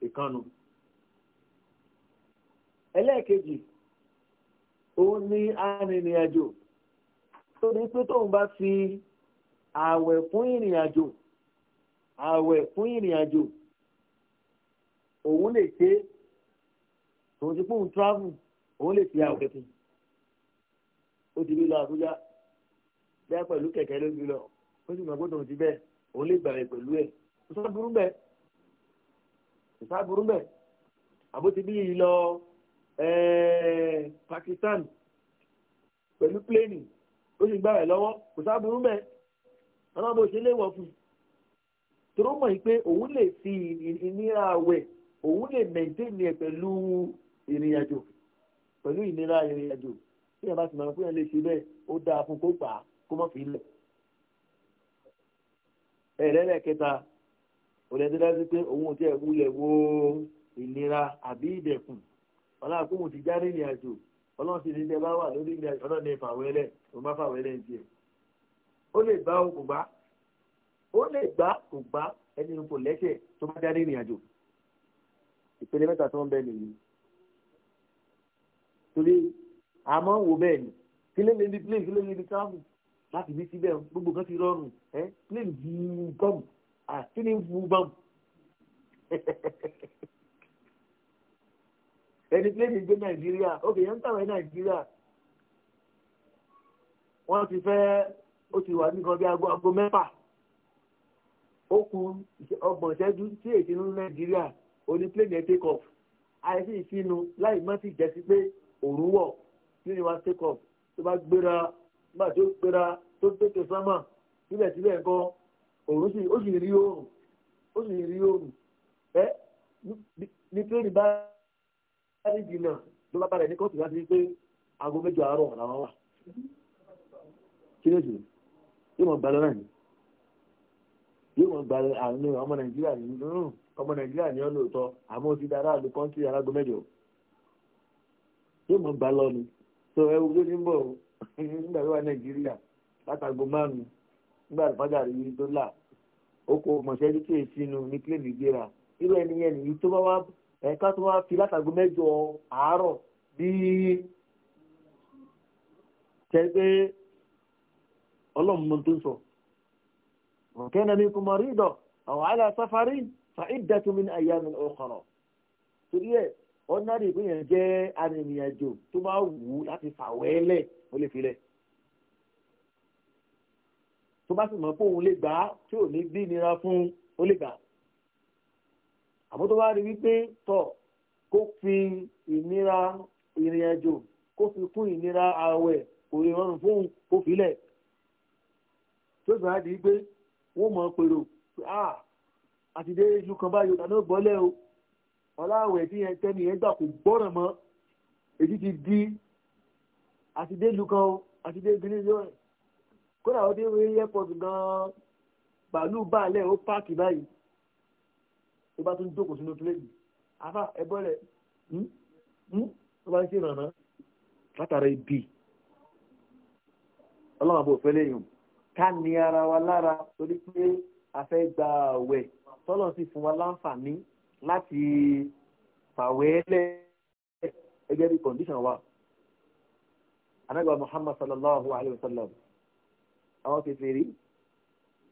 ìkànnù ẹlẹ́ẹ̀kejì òun ni arìnrìn àjò tó ní pé tóun bá fi ààwẹ̀ fún ìrìn àjò ààwẹ̀ fún ìrìn àjò òun lè ṣe tòun ti fóun travel òun lè ṣe ààwẹ̀ fún ó ti rí lọ àbújá bẹ́ẹ̀ pẹ̀lú kẹ̀kẹ́ ló gbé lọ ó sì mọ̀ pé tòun ti bẹ́ẹ̀ òun lè gbàrẹ̀ pẹ̀lú ẹ̀ kò sá burú bẹ́ẹ̀ kò sá burú bẹ́ẹ̀ àbó ti bí yìí eh, Pakistan pẹ̀lú pléènì ó sì gbàrẹ̀ lọ́wọ́ kò burú bẹ́ẹ̀ àwọn bó ṣe léwọ̀ fún tó ló mọ̀ yìí pé òun lè fi ìnira àwẹ̀ òun lè mẹ̀ntẹ́nì ẹ̀ pẹ̀lú ìrìn àjò pẹ̀lú ìnira ìrìn àjò tí yàrá sì máa fún yàn lè ṣe bẹ́ẹ̀ ó dáa fún kó gbà á kó mọ̀ fi lẹ̀. ẹ̀rẹ́rẹ́ kẹta òlẹ́dẹ́dájú pé òun ò tiẹ̀ wulẹ̀ wo ìnira àbí ìdẹ̀kùn ọlọ́run kó wọn ti já ní ìrìn ọlọ́run sì ní tẹ́ bá wà lórí ìrìn ọlọ́run ní ìfàwẹ́lẹ̀ òun ó lè gbá o kò gbá ó lè gbá kò gbá ẹni kò lẹ́sẹ̀ tó bá dárí ìrìn àjò ìpele mẹ́ta tó ń bẹ nìyí torí àmọ́ wò bẹ́ẹ̀ ni kí ló lè di plane kí ló lè di travel láti bí síbẹ̀ gbogbo kan ti rọrùn ẹ plane yìí bọ́ọ̀mù àti ní fún bọ́ọ̀mù ẹni plane gbé nàìjíríà ó kè é ń tàwé nàìjíríà wọ́n ti fẹ́ ó ti wà nìkan bí aago aago mẹ́fà ó ku ọgbọ̀n ìṣẹ́jú tí èsì ní nàìjíríà oní plane air take off àìsí ìfinu láì má sì jẹ́ sí pé òru wọ̀ plane wa take off tó bá gbéra nígbà tó gbéra tó tètè sánmà síbẹ̀síbẹ̀ nǹkan òru sì ó sì rí oòrùn ó sì rí oòrùn ẹ ní plane bá ní jìnnà ló bá padà ní kóòtù láti rí pé aago méjọ àárọ̀ làwọn wà kí ló dùn yóò mọ̀ gbà lọ́nà ni yóò mọ̀ gbà àwọn ọmọ nàìjíríà ní ọmọ nàìjíríà ní ọ̀nà òótọ́ àmọ́ ti dára àlù kọ́ńtì alágo mẹ́jọ yóò mọ̀ gbà lọ ni tó ẹ wo ní bọ̀ nígbà tó wà nàìjíríà látàgò márùn nígbà tó fájà rí tó là ó kó mọ̀ṣẹ́ ní kí èsínú ní kílèmí gbéra irú ẹni yẹn nìyí tó bá wá ẹ̀ka tó wá fi látàgò mẹ́jọ àárọ̀ bíi tẹ́gbẹ́ ọlọ́run mọ́ tó ń sọ ọ̀kẹ́nà mi kò mọ̀ rí ìdọ̀ àwọn àlà sáfárí fa ìdàtúmí àyà mi ọkọ̀rọ̀ torí ẹ̀ ọ̀nàdì ìpínyà jẹ́ arìnrìnàjò tó bá wù ú láti fàwẹ́lẹ̀ ó lè filẹ̀ tó bá sì mọ̀ pé òun lè gbà á tí ò ní bí nira fún ó lè gbà á àmọ́ tó bá rí wípé tọ̀ kó fi ìnira ìrìnàjò kó fi kún ìnira ààwẹ̀ kò lè rọrùn fóun kó filẹ̀ tó sì rádi pé wọ́n mọ̀ pèrò àti ah, dé iṣu kan báyìí ọ̀nà bọ́lẹ̀ o ọláwẹ̀ tí yẹn tẹ́ni yẹn gbà kò gbọ́ràn mọ́ èyí ti di àti dé ìlú kan o àti dé ìgbìlẹ̀ ìlú rẹ̀ kódà ó dé orí airport gan-an bàálù bàálẹ̀ ó páàkì báyìí ó bá tún jókòó sínú pílẹ̀tì àfà ẹ bọ́lẹ̀ hmm? Hmm? ó bá ń ṣèrànà látara ibi ọlọ́run àbò òfẹ́lẹ́ yìí ká ní ara wa lára torí pé a fẹ́ gba àwẹ̀ tọ́lọ̀ sì fún wa láǹfààní láti fàwẹ́lẹ̀ ẹgbẹ́ bí kọ̀ǹdíṣàn wa anagba muhammad sallallahu alayhi wa sallam àwọn kẹfẹ́rí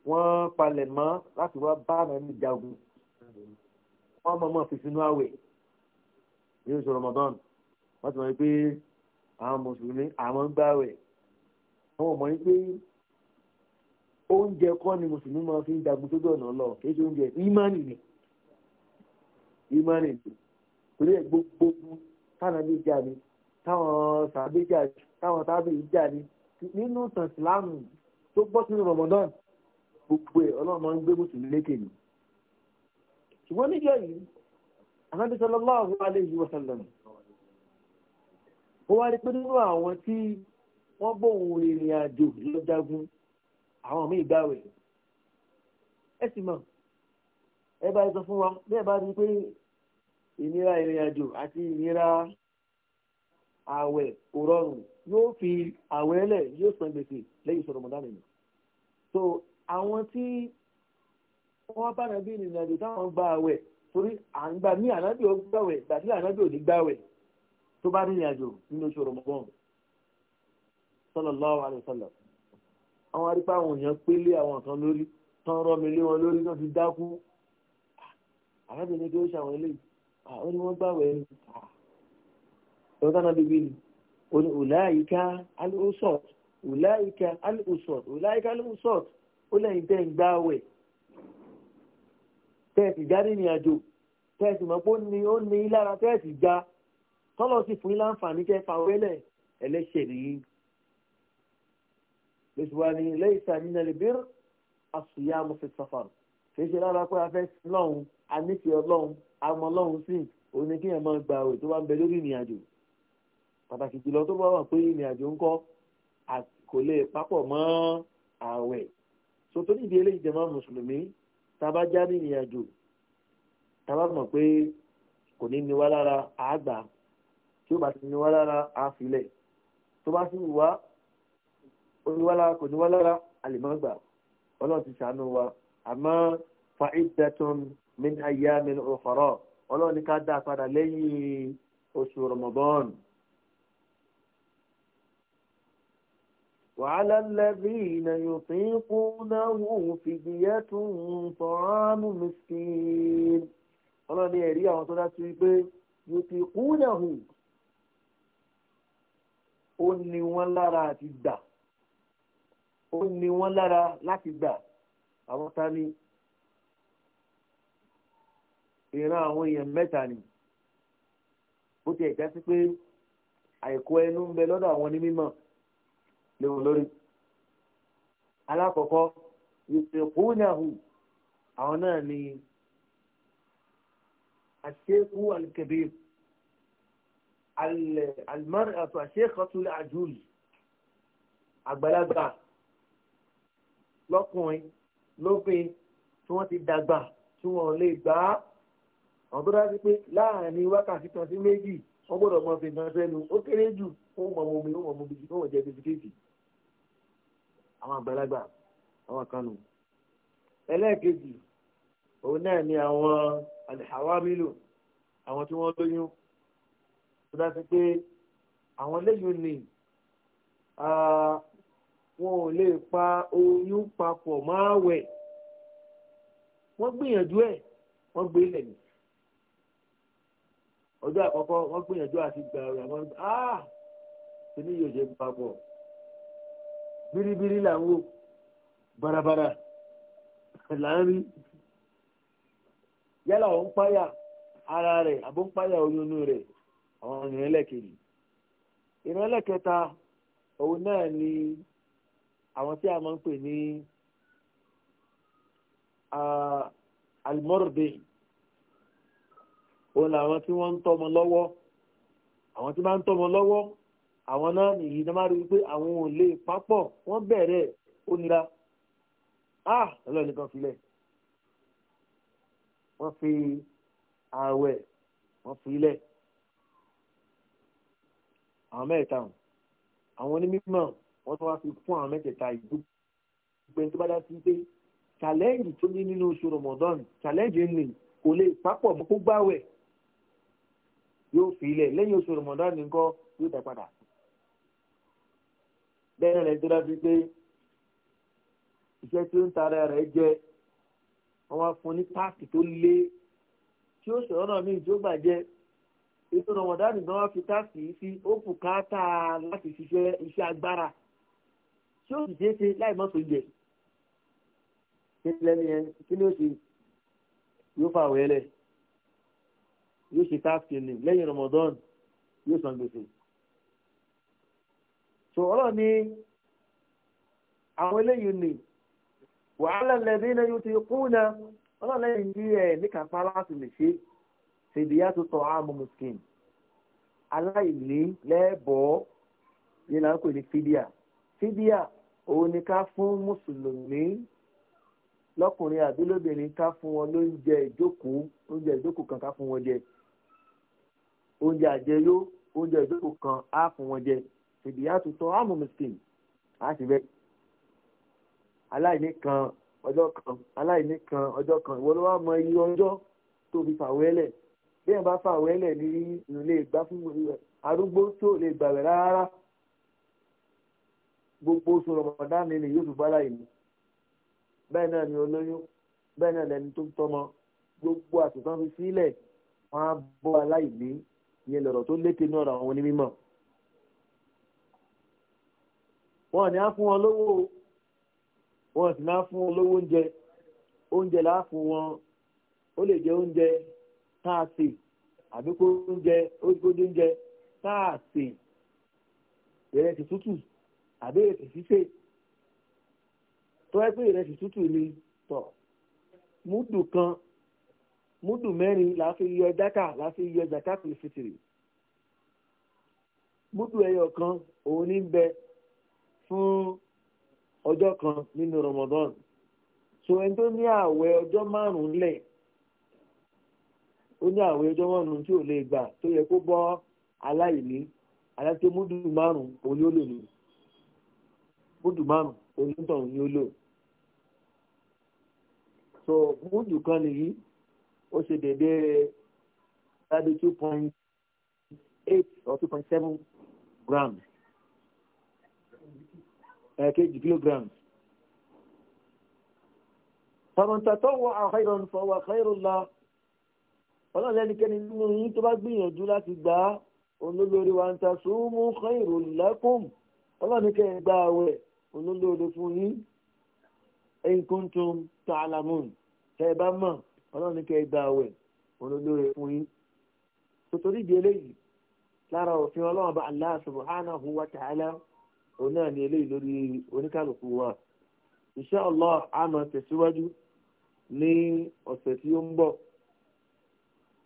wọ́n palẹ̀ mọ́ láti wá bá àmì jagun wọ́n mọ̀ mọ́ fi sínú àwẹ̀ ní oṣù ramadan wọ́n ti mọ̀ pé àwọn mùsùlùmí àwọn ń gbàwẹ̀ wọ́n mọ̀ pé oúnjẹ kọ́ ni mùsùlùmí máa fi ń jagun sójú ọ̀nà ọlọ́run kì ṣe oúnjẹ ìmánì ni ìmánì ni torí ẹ̀ gbogbo tánàbí jà ni táwọn sàbí jà ni táwọn sábì jà ni nínú ìtàn ìsìláàmù tó bọ́ sínú ramadan gbogbo ẹ̀ ọlọ́run máa ń gbé mùsùlùmí lékè ni ṣùgbọ́n níjọ́ yìí anábì sallallahu alayhi wa sallam ó wá rí pé nínú àwọn tí wọ́n bóun rìnrìn àjò lọ́jagun àwọn míì gbàwẹ̀ ẹ sì mọ̀ ẹ bá sọ fún wa bí ẹ bá rí i pé ìnira ìrìn àjò àti ìnira ààwẹ̀ kò rọrùn yóò fi ààwẹ̀ lẹ̀ yóò san gbèsè lẹ́yìn sọ̀rọ̀ mọ̀dánù yìí so àwọn tí wọ́n bá nàbí ìrìn àjò táwọn gba ààwẹ̀ torí à ń gbà ní ànábì ò gbàwẹ̀ gbàtí ànábì ò ní gbàwẹ̀ tó bá rìnrìn àjò nínú oṣù rọmọgbọ́n sallallahu alaihi wasallam àwọn arípa àwọn èèyàn pélé àwọn kan lórí tán rọmi lé wọn lórí tán ti dákú arábìnrin kí ó ṣàwọn eléyìí ó ní wọ́n gbàwẹ̀ ẹni ìwọ́n tánà bíbí ni ó ní ọ̀làyíká alóòsọ̀t ọ̀làyíká alóòsọ̀t ọ̀làyíká alóòsọ̀t ó lẹ́yìn tẹ́ ń gbàwẹ̀ tẹ́ẹ̀tì já ní ìrìnàjò tẹ́ẹ̀tì mọ̀ pé ó ní lára tẹ́ẹ̀tì já tọ́lọ́ sì fún yín láǹfààní kẹfà wẹ́lẹ̀ ẹlẹ́ṣẹ̀ nìyí lóṣùwárí lẹ́yìn sàmínà lè bẹ́rẹ̀ àṣùyá mo fi sọ̀fà kì í ṣe lára pé a fẹ́ lọ́hùn a nífẹ̀ẹ́ ọlọ́hùn a mọ ọlọ́hùn sí òun ni kéèyàn máa gba òwe tó bá ń bẹ lórí ìrìn àjò pàtàkì jùlọ tó bá wà pé ìrìn àjò ń kọ́ kò lè papọ̀ mọ́ ààwẹ̀ so tó nídìí eléyìí jẹ́ mọ́ mùsùlùmí tá a bá já ní ìrìn àjò tá a bá mọ̀ pé kò ní ní wá lára àgbà tí ó bá ti ní wá lára àfilẹ̀ tó bá sì wá oníwálá kò ní wálára àlèmọ́gbà ọlọ́run ti ṣàánú wa àmọ́ fa'iddatun min ayyamin ukhra ọlọ́run ní ká dá a padà lẹ́yìn oṣù Ramadan. وعلى الذين يطيقونه فدية طعام مسكين ọlọ́run ní ẹ̀rí àwọn tó dá sí wípé yòókì kúnà hù ó ní wọn lára àti gbà ó ní wọ́n lára láti gbà àwọn ta ni ìran àwọn èèyàn mẹ́ta ni ó ti ẹ̀já sí pé àìkú ẹnu ń bẹ lọ́dọ̀ àwọn ní mímọ̀ léwu lórí alákọ̀ọ́kọ́ ìsìnkú náà àwọn náà ni àṣekú alìkẹ̀bí alìmọ́rìn àti àṣekọ̀tún àjùlù àgbàlagbà lọ́kùnrin lóbìn tí wọ́n ti dàgbà tí wọ́n lè gbà á àwọn tó dájú pé láàrin wákàtí kan sí méjì wọ́n gbọ́dọ̀ mọ fi nǹkan sẹ́nu ó kéré jù ó mọ ọmọ omi ó mọ ọmọ omi ó wọ̀n jẹ bisikíìtì àwọn àgbàlagbà àwọn kanu ẹlẹ́ẹ̀kejì òun náà ni àwọn alihawamilu àwọn tí wọ́n lóyún tó dájú pé àwọn lẹ́yìn ni ah, wọn ò lè pa oyún papọ̀ máa wẹ̀ wọ́n gbìyànjú ẹ̀ wọ́n gbé lẹ̀ ní ọjọ́ àkọ́kọ́ wọ́n gbìyànjú àti gbà ọ̀rọ̀ àwọn ọ̀rọ̀ ah kíní yóò ṣe papọ̀ bíríbírí làwọn barabara là ń rí yálà òun páyà ara rẹ̀ àbó ń páyà oyún rẹ̀ àwọn ìrìn ẹlẹ́kejì ìrìn ẹlẹ́kẹta òun náà ni àwọn tí a máa ń pè ní alimọ́rọ̀dé òun làwọn tí wọ́n ń tọ́mọ lọ́wọ́ àwọn tí máa ń tọ́mọ lọ́wọ́ àwọn náà nìyí náà máa rí wípé àwọn ò lè papọ̀ wọ́n bẹ̀rẹ̀ ó nira ah ọlọ́run nìkan filẹ̀ wọ́n fi ààwẹ̀ wọ́n filẹ̀ àwọn mẹ́ta àwọn onímọ̀ wọ́n tún wá fi fún àwọn mẹ́tẹ̀ẹ̀ta ìlú gbẹ̀ tó bá dá sí pé challenge tó ní nínú oṣù Ramadan challenge ni kò lè papọ̀ mọ́ kó gbáwẹ̀ yóò fi ilẹ̀ lẹ́yìn oṣù Ramadan nìkan yóò dá padà bẹ́ẹ̀ rẹ̀ tó dá sí pé iṣẹ́ tí ó ń tara rẹ̀ jẹ wọ́n wá fún ní táàkì tó lé tí ó sọ̀rọ̀ náà míì tí ó gbàjẹ́ ètò Ramadan nìkan wá fi táàkì sí ó bùkátà láti ṣiṣẹ́ iṣẹ́ agbára tí ó sì dé ṣe láì mọ́ sójú ẹ̀ ṣe lẹ́nu yẹn kí ló ṣe yóò fà wẹ́lẹ̀ yóò ṣe táàkì ní lẹ́yìn ramadan yóò san gbèsè so ọlọ́run ní àwọn eléyìí ni wàhálà lẹ́bí náà yóò ti kú náà ọlọ́run lẹ́yìn ní ẹ̀ ní kàfá láti lè ṣe ṣèdíyà tó tọ̀ àmọ́ muskin aláìní lẹ́bọ̀ọ́ yìí là ń pè ní fídíà fídíà òun ni ká fún mùsùlùmí lọ́kùnrin àbí lóbìnrin ká fún wọn lóúnjẹ ìjókòó oúnjẹ ìjókòó kan ká fún wọn jẹ oúnjẹ àjẹyó oúnjẹ ìjókòó kan á fún wọn jẹ ṣèbí àtúntò àmú miskin á sì bẹ aláìní kan ọjọ́ kan aláìní kan ọjọ́ kan ìwọ ló wá mọ iye ọjọ́ tó fi bí ẹ̀ bá fàwẹ́lẹ̀ ní ilé ìgbà fún arúgbó tó lè gbàwẹ̀ rárá gbogbo oṣù rọmọdán ni yóò fi bára ìlú bẹ́ẹ̀ náà ni olóyún bẹ́ẹ̀ náà lẹni tó tọmọ gbogbo àtúntàn fi sílẹ̀ wọn á bọ́ aláìní ìyẹn lọ̀rọ̀ tó lékè ní ọ̀rọ̀ àwọn onímọ̀ wọn ni á fún wọn lówó wọn sì máa fún wọn lówó oúnjẹ oúnjẹ là á fún wọn ó lè jẹ oúnjẹ tá a sè àbí oúnjẹ ó kó oúnjẹ tá a sè ìrẹsì tútù àbí ìrẹsì sísè tó ẹ pé ìrẹsì tútù ni tọ̀ múdù kan múdù mẹ́rin la fi yọ jákà la fi yọ jákà tó fìtìrì múdù ẹyọ kan òun ní bẹ fún ọjọ́ kan nínú Ramadan so ẹni tó ní ààwẹ̀ ọjọ́ márùn-ún lẹ̀ ó ní ààwẹ̀ ọjọ́ márùn-ún tí ò lè gbà tó yẹ kó bọ́ aláìní aláṣẹ múdù márùn-ún òun ni lè lò múdù márùn onítọ̀hún ni ó lò so múdù kan nìyí ó ṣe dédé thirty two point eight or two point seven grams kg kilograms fàmọ́n tàtọ́wọ́ àkàìrọ̀n fọwọ́ àkàìrọ̀n la ọlọ́run lẹ́nikẹ́ni nínú yín tó bá gbìyànjú láti gbà á olólórí wa ń ta sùúmù àkàìrọ̀n lẹ́kùn ọlọ́run kẹ́ ẹ̀ gbà wẹ̀. olólóore fún yín ẹnkúntún tààlàmùn tẹ ẹ bá mọ ọlọ́run ní kẹ ẹ gba àwẹ̀ olólóore fún yín tòtòrí ìdí eléyìí lára òfin ọlọ́run bá Allah subhanahu wa òun náà ní eléyìí lórí oníkàlùkù wa insha Allah àmọ́ tẹ̀síwájú ní ọ̀sẹ̀ tí ó ń bọ̀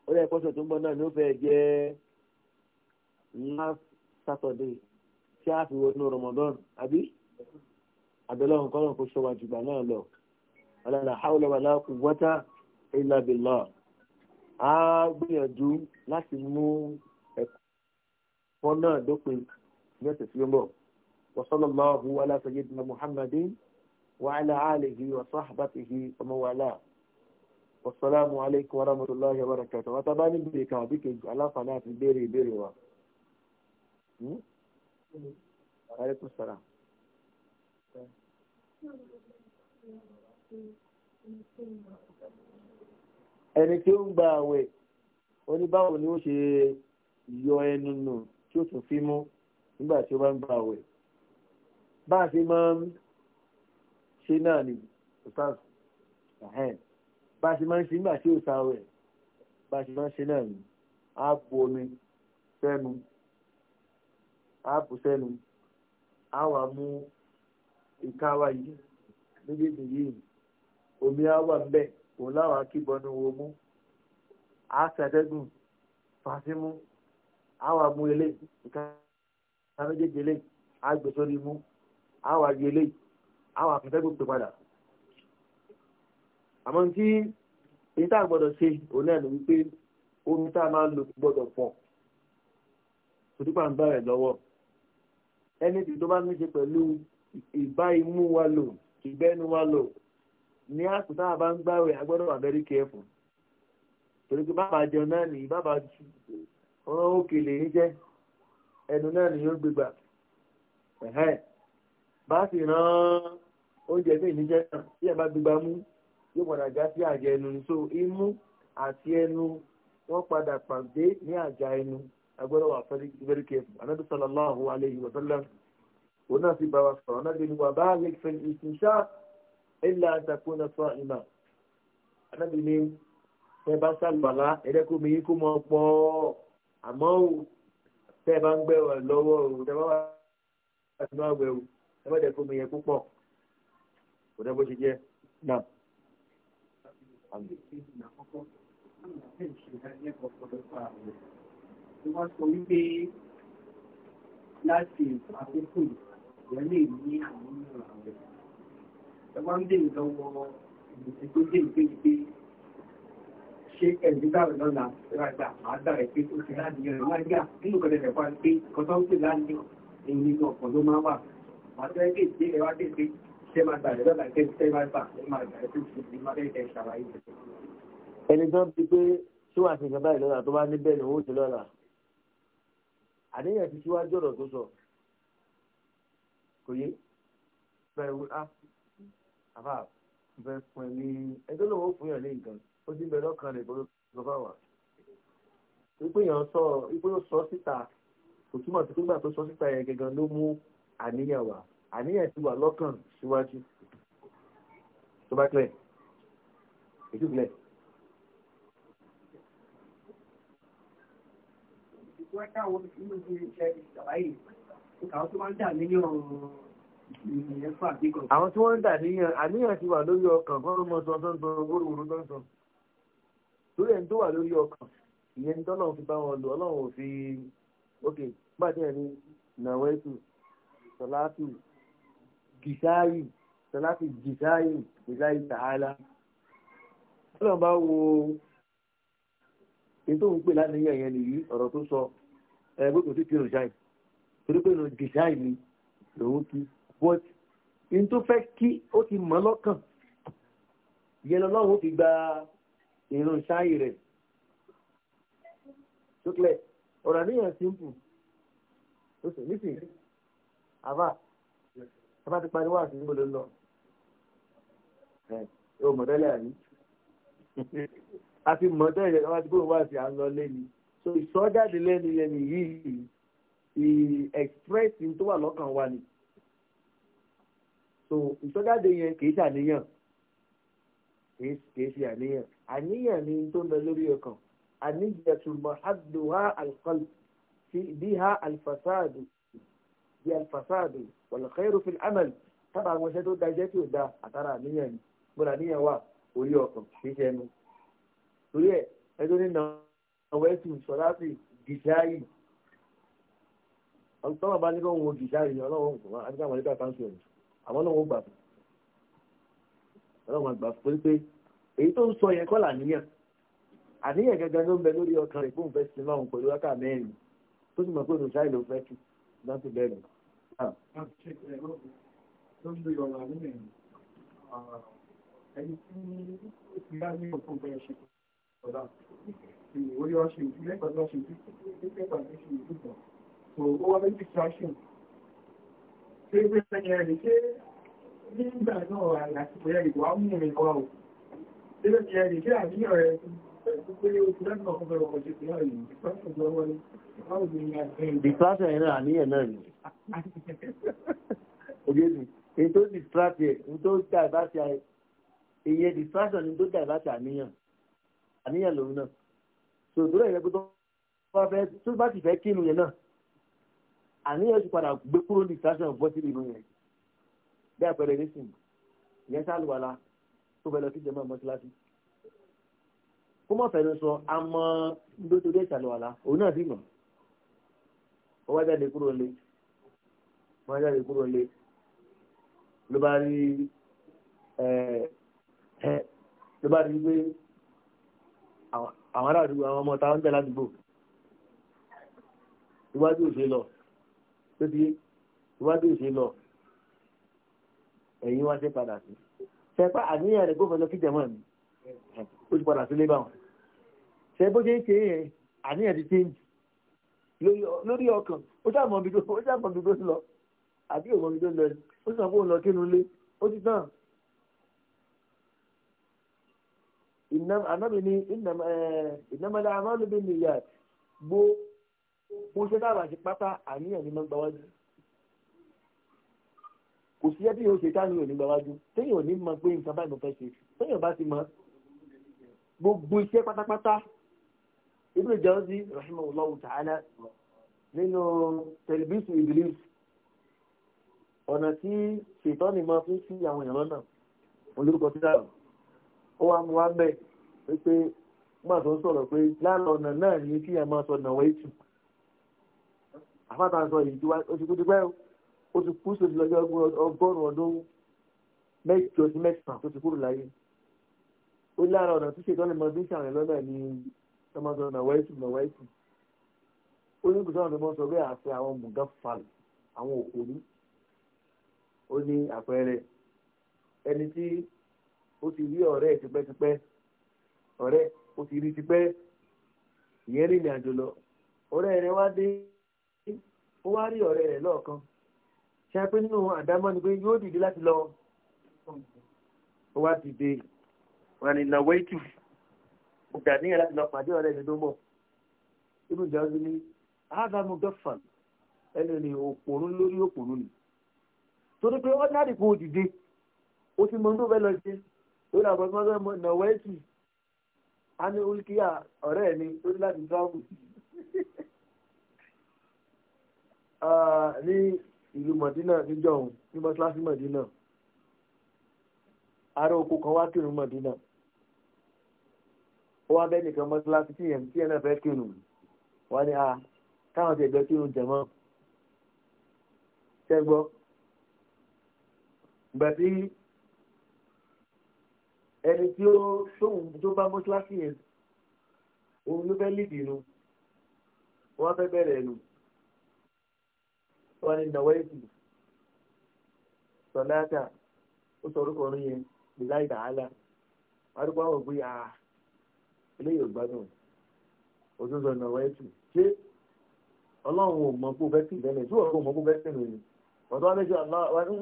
ó yẹ a fi wọnú Ramadan àbí. àbẹ̀lọ́run kọ́rọ̀ kó ṣọ́wà jùgbà náà lọ ọ̀làlà haúlọ̀ wà láàkú wọ́tá ìlàbìlọ́ a gbìyànjú láti mú ẹ̀kọ́ náà dópin ní ọ̀sẹ̀ tí ó ń bọ̀ wasallallahu ala sayyidina muhammadin wa ala alihi wa sahbatihi wa mawala wasalaamu alaykum wa rahmatulahi wa bèrè kan àbí kejì àti béèrè ìbéèrè wa. alaykum salaam ẹni tí ó ń gba àwẹ̀ oníbáwò ni ó ṣe yọ ẹnu nù tí ó tún fi mú nígbà tí ó bá ń gba àwẹ̀ bá a ṣe máa ń ṣe náà ni ustaz bá a ṣe máa ń ṣe nígbà tí ó sa àwẹ̀ bá a ṣe máa ń ṣe náà ni á omi sẹ́nu á sẹ́nu á mú ìka wa yìí méjèèjì yìí omi á wà ń bẹ̀ òun láwọn akíbọnú wo mú á ṣàtẹ́gùn fàṣímú á wà mú ilé ìka méjèèjì ilé á gbé sórí mú á wà yé ilé á wà fàṣẹ́gùn pè padà. àmọ́ tí èyí tá a gbọ́dọ̀ ṣe òun náà ló wípé omi tá a máa lò gbọ́dọ̀ pọ̀ sódípà ń bẹ̀rẹ̀ lọ́wọ́ ẹni tí tó bá ní ṣe pẹ̀lú ìbá imú wa lò ìbẹ́nu wa lò ní àkùtà àbá ń gbáwẹ̀ agbọ́dọ̀ wà very careful torí pé bàbá jẹun náà nìyí bàbá ọ̀rọ̀ òkèlè ní jẹ́ ẹnu náà nìyí ó gbégbà bá sì rán oúnjẹ sí ìníjẹ náà tí ẹ bá gbégbá mú yóò padà já sí àjẹ ẹnu so imú àti ẹnu wọ́n padà pàdé ní àjà ẹnu agbọ́dọ̀ wà very careful alẹ́ yìí wọ́n òun náà sì bá wa sọ̀rọ̀ náà lè ní wà bá lè fẹ́ ìsìnṣá ilà àtàkùnà sọ ìmà anábì ní tẹ bá sàlùbàlá ẹ̀rẹ́kùn mi kó mọ pọ̀ àmọ́ ò tẹ bá ń gbẹ wà lọ́wọ́ ò tẹ bá wà láti máa wẹ̀ ò ẹ bá dẹ̀kùn mi yẹ púpọ̀ kò dẹ́ bó ṣe jẹ́ náà. Wọ́n sọ wípé láti àkókò yìí èèyàn lè ní àníyàn rẹ̀ ẹ wá ń bèèrè lọ́wọ́ ìgbésí tó dé ìgbé ìgbé ṣe ẹ̀rí báwọn lọ́la rágbà àádáre pé ó ti láàdìyàn rẹ̀ lágbà nínú kọ̀dẹ̀ rẹ̀ wá pé kọ́tọ́ sí láàdìyàn èyí nínú ọ̀pọ̀ ló máa wà àtẹ́rẹ́ lè dé ẹwà dé pé ṣe máa gbà rẹ̀ lọ́la kẹ́ ṣe máa gbà ẹ máa ẹni tó ń bi pé tí ìjọba ìlọ́la tó bá níbẹ̀ ni ó ti lọ́la àníyàn ti síwájú ọ̀rọ̀ tó sọ kò yé bẹ́ẹ̀ wí á ah, àbá bẹ́ẹ̀ fún ẹ ní ẹjọ́ lòun ó fún yàn ní nǹkan ó ti bẹ lọ́kàn rẹ̀ bọ́ ló bá wà. ipò yàn sọ ipò yóò sọ síta kò túmọ̀ sí nígbà tó sọ síta yẹn gangan ló mú àníyàn wá àníyàn ti wà lọ́kàn síwájú tó bá tilẹ̀ ètò ìpìlẹ̀. Wọ́n káwọn ìlú ìjẹ́ ìjọba yìí àwọn tó máa ń dà níyàn ìyẹ́fà bí kan. àwọn tí wọ́n ń dà níyàn àníyàn ti wà lórí ọkàn fún ọmọ sọ tó ń sọ wórówóró tó ń sọ lórí ẹni tó wà lórí ọkàn ìyẹn tó lọ́wọ́ fi bá wọn lò ọlọ́run ò fi ok bá díẹ̀ ní nàwẹ́tù sọláàtù gìsáyì sọláàtù gìsáyì gìsáyì tààlà ọlọ́run bá wo èyí tó ń pè láti níyàn yẹn nìyí ọ̀rọ̀ tó sọ ẹgbẹ́ kò sí kí torí pé lọ design ni lòun kí but in tó fẹ́ kí ó ti mọ́ lọ́kàn yẹn lọ́lọ́run ti gba ìran ṣáì rẹ̀ ṣókèlè ọ̀rọ̀ àníyàn simple ó sì nísìnyí àbá àbá ti parí wáàsí níbo ló ń lọ ẹ ò mọ̀tẹ́lẹ̀ àní àti mọ̀tẹ́lẹ̀ àti bóun wáàsí à ń lọ lẹ́ni so ìsọjáde lẹ́ni lẹ́ni yìí expressing tó wà lọ́kàn wa ni so ìsọjáde yẹn kì í ṣàníyàn kì í ṣe àníyàn àníyàn ni tó ń bẹ lórí ọkàn àníyàtul muhadduha alqalb biha alfasadu bí alfasadu wal khairu fil amal tábà àwọn iṣẹ́ tó da iṣẹ́ tí ò da àtàrà àníyàn ni gbọ́dọ̀ àníyàn wà orí ọkàn kì í ṣe ẹnu torí ẹ ẹjọ́ nínú ọwọ́ ẹ̀sìn sọ́dá sí gìṣáyìí tọ́lọ̀ bá ní kó wo jù járe ọlọ́run fún wa àti àwọn ẹgbẹ́ àkáǹtì ọ̀hún àwọn náà wọ́n gbà fún ọlọ́run àgbà fún pé èyí tó ń sọ yẹn kọ́ làníyàn àníyàn gẹ́gẹ́ ló ń bẹ lórí ọkàn rẹ̀ fún ìfẹ́ sí lọ́run pẹ̀lú ọkà mẹ́rin tó sì mọ̀ pé òṣù járe fẹ́ kí ah. láti ti bá ọ̀dà ìwòye ọ̀ṣẹ̀ ìdílé pẹ̀lú ọ̀ṣẹ̀ kò méjì traction ṣé pé ẹyẹ rẹ̀ ṣé nígbà náà àlàsìkò yẹ ìwà mú mi kọ́ ọ̀ ṣé pé ẹyẹ rẹ̀ ṣé àníyàn rẹ̀ pé ó ti lẹ́nu ṣe pé náà àníyàn náà ni òye ni èyí tó distract yẹ èyí tó dàbàtì àyè èyí distraction ni tó dàbàtì àníyàn àníyàn lòun náà so tó lè yẹ tó bá ti fẹ́ kírun yẹn náà àníyàn ti padà gbé kúrò ní distraction bọ́ sí inú yẹn bí àpẹẹrẹ nísìn ìyẹn sálùwàlà tó fẹ́ lọ sí jẹ́mọ́ mọ́síláṣí kó mọ̀ fẹ́nu sọ àmọ́ nítorí ìsàlùwàlà òun náà sì mọ̀ ó wá jáde kúrò lé wọ́n jáde kúrò lé ló bá rí ló bá rí pé àwọn ará àwọn ọmọ táwọn ń bẹ̀ ládùúgbò iwájú òṣèlú tó ti iwájú ìṣe lọ ẹ̀yìn wá ṣe padà sí ṣẹpá àníyàn rẹ̀ gbọ́fẹ́ lọ kí jẹ̀mọ́ mi ó ti padà sílé báwọn ṣe bó ṣe ń ṣe yẹn àníyàn ti change lórí ọkàn ó ṣàmọ̀ bí ó ṣàmọ̀ bí ó lọ àbí òmọ̀ bí ó lọ ó sì sọ pé òun lọ kínú ilé ó ti tàn ìnámọ̀lá àmọ́lùbí nìyà gbó mo ṣe dáàbà sí pátá àníyàn ní máa ń gbáwájú kò sí ẹbí yóò ṣe táwọn ò ní gbáwájú téèyàn ò ní mọ pé nǹkan báyìí mo fẹ́ ṣe téèyàn bá ti mọ gbogbo iṣẹ́ pátápátá Ibn Jawzi rahimahullahu ta'ala nínú tẹlifíṣù Iblis ọ̀nà tí ṣètọ́ni máa fi sí àwọn èèyàn náà olórúkọ sí dáàbà ó wá mú wá bẹ́ẹ̀ pé pé máa tó ń sọ̀rọ̀ pé láàrín ọ̀nà náà ni kí ẹ máa sọ nàwẹ́ àfáàtà sọ yìí tí ó ti kú ti pẹ́ o ó ti kú sódì lọ́jọ́ ọgọ́rùn-ún ọdún mẹ́jọ sí mẹ́sàn-án tó ti kúrò láyé ó lára ọ̀nà tó ṣètò ọ̀nà ìmọ̀ọ́dún ṣàrìn lọ́nà ní ọmọdé ọ̀nà wẹ́ẹ̀tù ọ̀nà wẹ́ẹ̀tù ó ní kùsọ́ ọ̀nà ìmọ̀ọ́sọ bẹ́ẹ̀ àti àwọn mùgá falù àwọn òkòrí ó ní àpẹẹrẹ ẹni tí ó ti rí ọ̀rẹ́ ẹ̀ tipẹ́tipẹ́ ọ̀rẹ́ ó ti rí tipẹ́ ìyẹn rìnrìn àjò lọ ọ̀rẹ́ rẹ̀ wá dé ó wá rí ọ̀rẹ́ rẹ̀ lọ́ọ̀kan ṣe pé nínú àdámọ́ ni pé yóò dìde láti lọ ó wá dìde wọn ni ìnáwó ètù ó dàníyàn láti lọ pàdé ọ̀rẹ́ rẹ̀ tó mọ̀ inú ìjà ọdún ní ádámù gẹ́fàn ẹni ni òpònú lórí òpònú ni torí pé ó dáàdì kó dìde ó ti mọ tó fẹ́ lọ ṣe ó rà bọ́ sí mọ́ ìnáwó ètù á ní oríkìá ọ̀rẹ́ mi ó ní láti tráwù ní ìlú mọ̀dínà níjọ́ òun ní mọ́ṣáláṣí mọ̀dínà ará oko kan wá kírun mọ̀dínà ó wá bẹ́ẹ̀ nìkan mọ́ṣáláṣí tí yẹn tí yẹn náà fẹ́ kírun wá ní a ah, káwọn ti ẹ̀gbẹ́ kírun jẹ̀mọ́ ṣẹ́gbọ́ ìgbà tí ẹni tí ó tóun tó bá mọ́ṣáláṣí yẹn òun ló fẹ́ lídìí nu wọ́n fẹ́ bẹ̀rẹ̀ nu. wọ́n ní nàwẹ́ẹ̀tì sọ̀láta ó sọ orúkọ orin yẹn bíláì dàhálà arúgbó àwọn òbí à eléyìí ò gbádùn ó tún ọlọ́run ò mọ kó bẹ́ẹ̀ lẹ́nu tí òun mọ kó bẹ́ẹ̀ tì lẹ́nu ọ̀dọ́ alẹ́jọ́ aláwa ìlú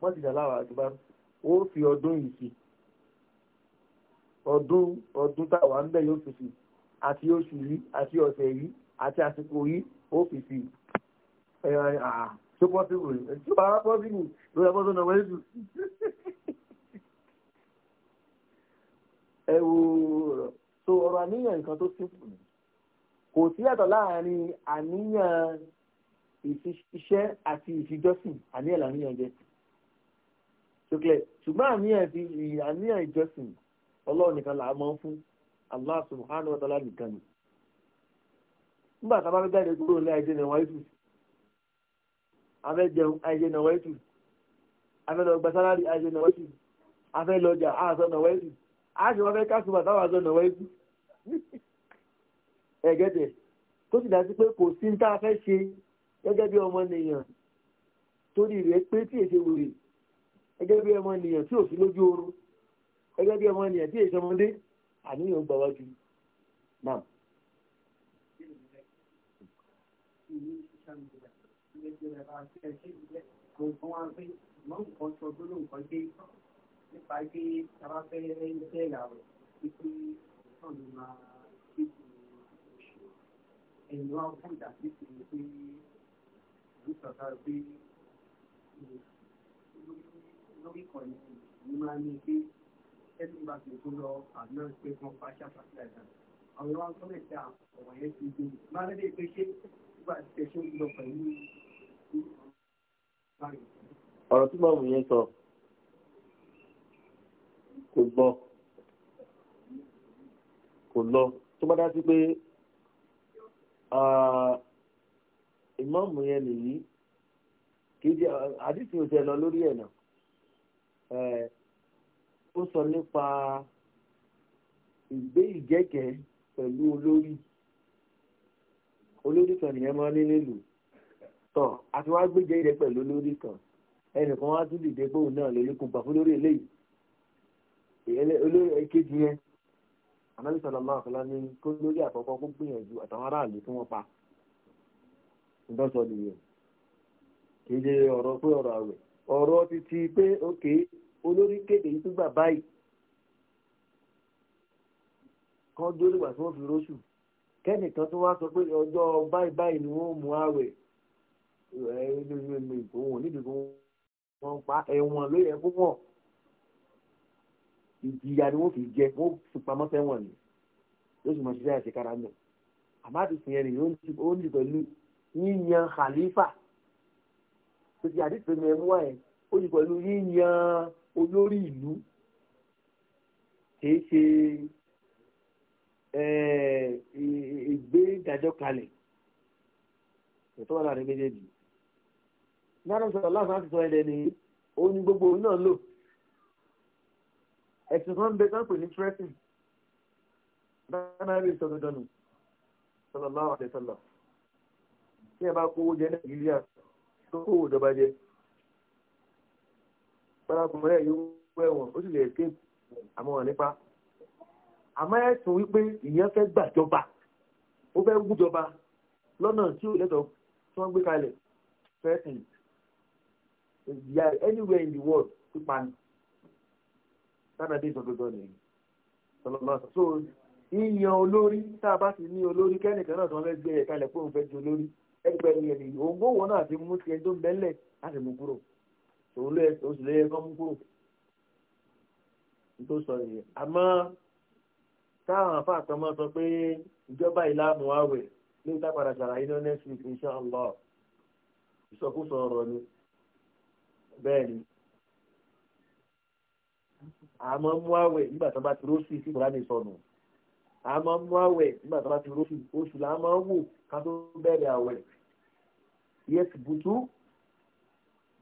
wọ́n ti dà láwà àtúbá ó fi ọdún yìí sí ọdún ọdún táwa ń bẹ̀ yóò fi sí àti oṣù yìí àti ọ̀sẹ̀ yìí àti fi ẹ̀yà àà tó pọ́síbù rẹ̀ tí bàbá pọ́síbù ló yẹ pọ́síbù náà jù ẹ wo rọ̀ so ọ̀rọ̀ àníyàn nǹkan tó simple ni kò sí yàtọ̀ láàrin àníyàn ìṣiṣẹ́ àti ìfijọ́sìn àníyàn làníyàn jẹ́ ṣùgbọ́n ṣùgbọ́n àníyàn ti àníyàn ìjọsìn ọlọ́run nìkan là á mọ́ fún Allah subhanahu wa ta'ala nìkan ni nígbà tá a bá fẹ́ jáde kúrò ní àìdè ní wáyé tuntun afẹ́ jẹun àìṣe nàwọ́ ètù afẹ́ lọ gba sálárì àìṣe nàwọ́ ètù afẹ́ lọ jà àṣọ nàwọ́ ètù àṣọ wọn fẹ́ kásùmà táwọn àṣọ nàwọ́ ètù ẹ̀gẹ́dẹ̀ tó sì dá sí pé kò sí tá a fẹ́ ṣe gẹ́gẹ́ bí ọmọ nìyàn torí rẹ̀ pé tí èsè wòrè gẹ́gẹ́ bí ọmọ nìyàn tí ò sí lójú oorun gẹ́gẹ́ bí ọmọ nìyàn tí èsè ọmọdé àníyàn gbà wájú náà. Thank you méjì rẹ̀ bá ṣe ṣe ìjẹ́ kò fún wa pé mọ́n kan sọ tó lóun kan dé nípa pé tàbá fẹ́ jẹ́ ìyàwó wípé náà ló máa ṣe ìṣòro ẹ̀yìn wa fún ìdásí sí i pé ìlú sọ̀tà pé lórí kan ní máa ní pé ẹni bá ti tó lọ àná pé wọ́n bá ṣàpàtà ìdá àwọn ìwà dé pé ṣé nígbà tí ẹ ń lọ pẹ̀lú ọ̀rọ̀ tí màmú yẹn sọ kò gbọ́ kò lọ tó bá dá sí pé ìmọ̀mù yẹn nìyí kìí àdìsí ò tiẹ̀ lọ lórí ẹ̀ náà ó sọ nípa ìgbé ìjẹ́kẹ̀ẹ́ pẹ̀lú olórí olórí kan nìyẹn máa ní nílùú tọ̀ àti wá gbéjẹ ilẹ̀ pẹ̀lú olórí kan ẹnìkan wá tún dìde gbóhùn náà lórí kùn gbà fún lórí eléyìí olórí èkejì yẹn ànábì sọlọ máa fọlá ní kó lórí àkọ́kọ́ kó gbìyànjú àtàwọn aráàlú tí wọ́n pa ìdọ́sọ nìyẹn kì í ṣe ọ̀rọ̀ pé ọ̀rọ̀ àwẹ̀ ọ̀rọ̀ títí pé òkè olórí kéde yìí tó gbà báyìí kan dórí wà tí wọ́n fi róṣù kẹ́nìkan tó wá sọ pé ọjọ́ báyìí báyìí ni wọ́n mú àwẹ̀ ẹ̀ẹ́dẹ́gbẹ̀rún ìfowó nídìí fún wọn pa ẹ̀wọ̀n ló yẹ fún wọn ìjìyà ni wọ́n fi jẹ wọ́n fi pamọ́ sẹ́wọ̀n ni yóò sì mọ ṣiṣẹ́ àti kára mọ́ àmọ́ àti sìn ẹ̀rìn ó ní pẹ̀lú yíyan khalifa tòtí àdìsí mi ẹ̀mú ẹ̀ ó ní pẹ̀lú yíyan olórí ìlú kìí ṣe eh, ìgbé ìdájọ́ kalẹ̀ ètò wà láàrin méjèèjì náírà sọ̀rọ̀ láàfin sọ ẹ̀dẹ̀ nìyí òun ni gbogbo òun náà lò ẹ̀sìn kan bẹ sáǹpù ní tírẹ́sìn dánáàbí sọ̀dọ̀dọ̀nù sọ̀rọ̀ láwọn àtẹ̀sọ̀lọ̀ tí ẹ bá kówó jẹ nàìjíríà tó kówó ìjọba jẹ parakùnrin yóò wọ ẹ̀wọ̀n ó sì lè ké àmọ́ wọn nípa àmọ́ ẹ̀sùn wípé ìyẹn fẹ́ gbàjọba ó fẹ́ gbújọba lọ́nà tí ò lẹ́tọ̀ọ́ tí wọ́n gbé kalẹ̀ fẹ́ẹ̀sìn they are anywhere in the world pípa ni sanabi ìsọdọdọ nìyí sọlọmọsọ so yíyan olórí tá a bá ti ní olórí kẹ́nìkan náà tí wọ́n fẹ́ gbé ẹ̀ka ilẹ̀ fún òun fẹ́ di olórí ẹgbẹ́ ìyẹn nìyí òǹgbò wọn náà ti mú tiẹ̀ tó ń bẹ́lẹ̀ láti mú kúrò òun lé oṣù lé ẹ̀kọ́ mú kúrò tó sọ nìyẹn àmọ́ táwọn afáàtọ́ máa sọ pé ìjọba ìlànà àwẹ̀ ní ìtàpadà ṣàlàyé ní ọ́nẹ́sì ìṣàlọ́ ìsọkúsọ ọ̀rọ̀ ni bẹ́ẹ̀ ni àmọ́ mú àwẹ̀ nígbà tó bá ti rósì sí kùránì sọnù àmọ́ mú àwẹ̀ nígbà tó bá ti rósì oṣù là máa ń wò ká tó bẹ̀rẹ̀ àwẹ̀ yẹtù bùtú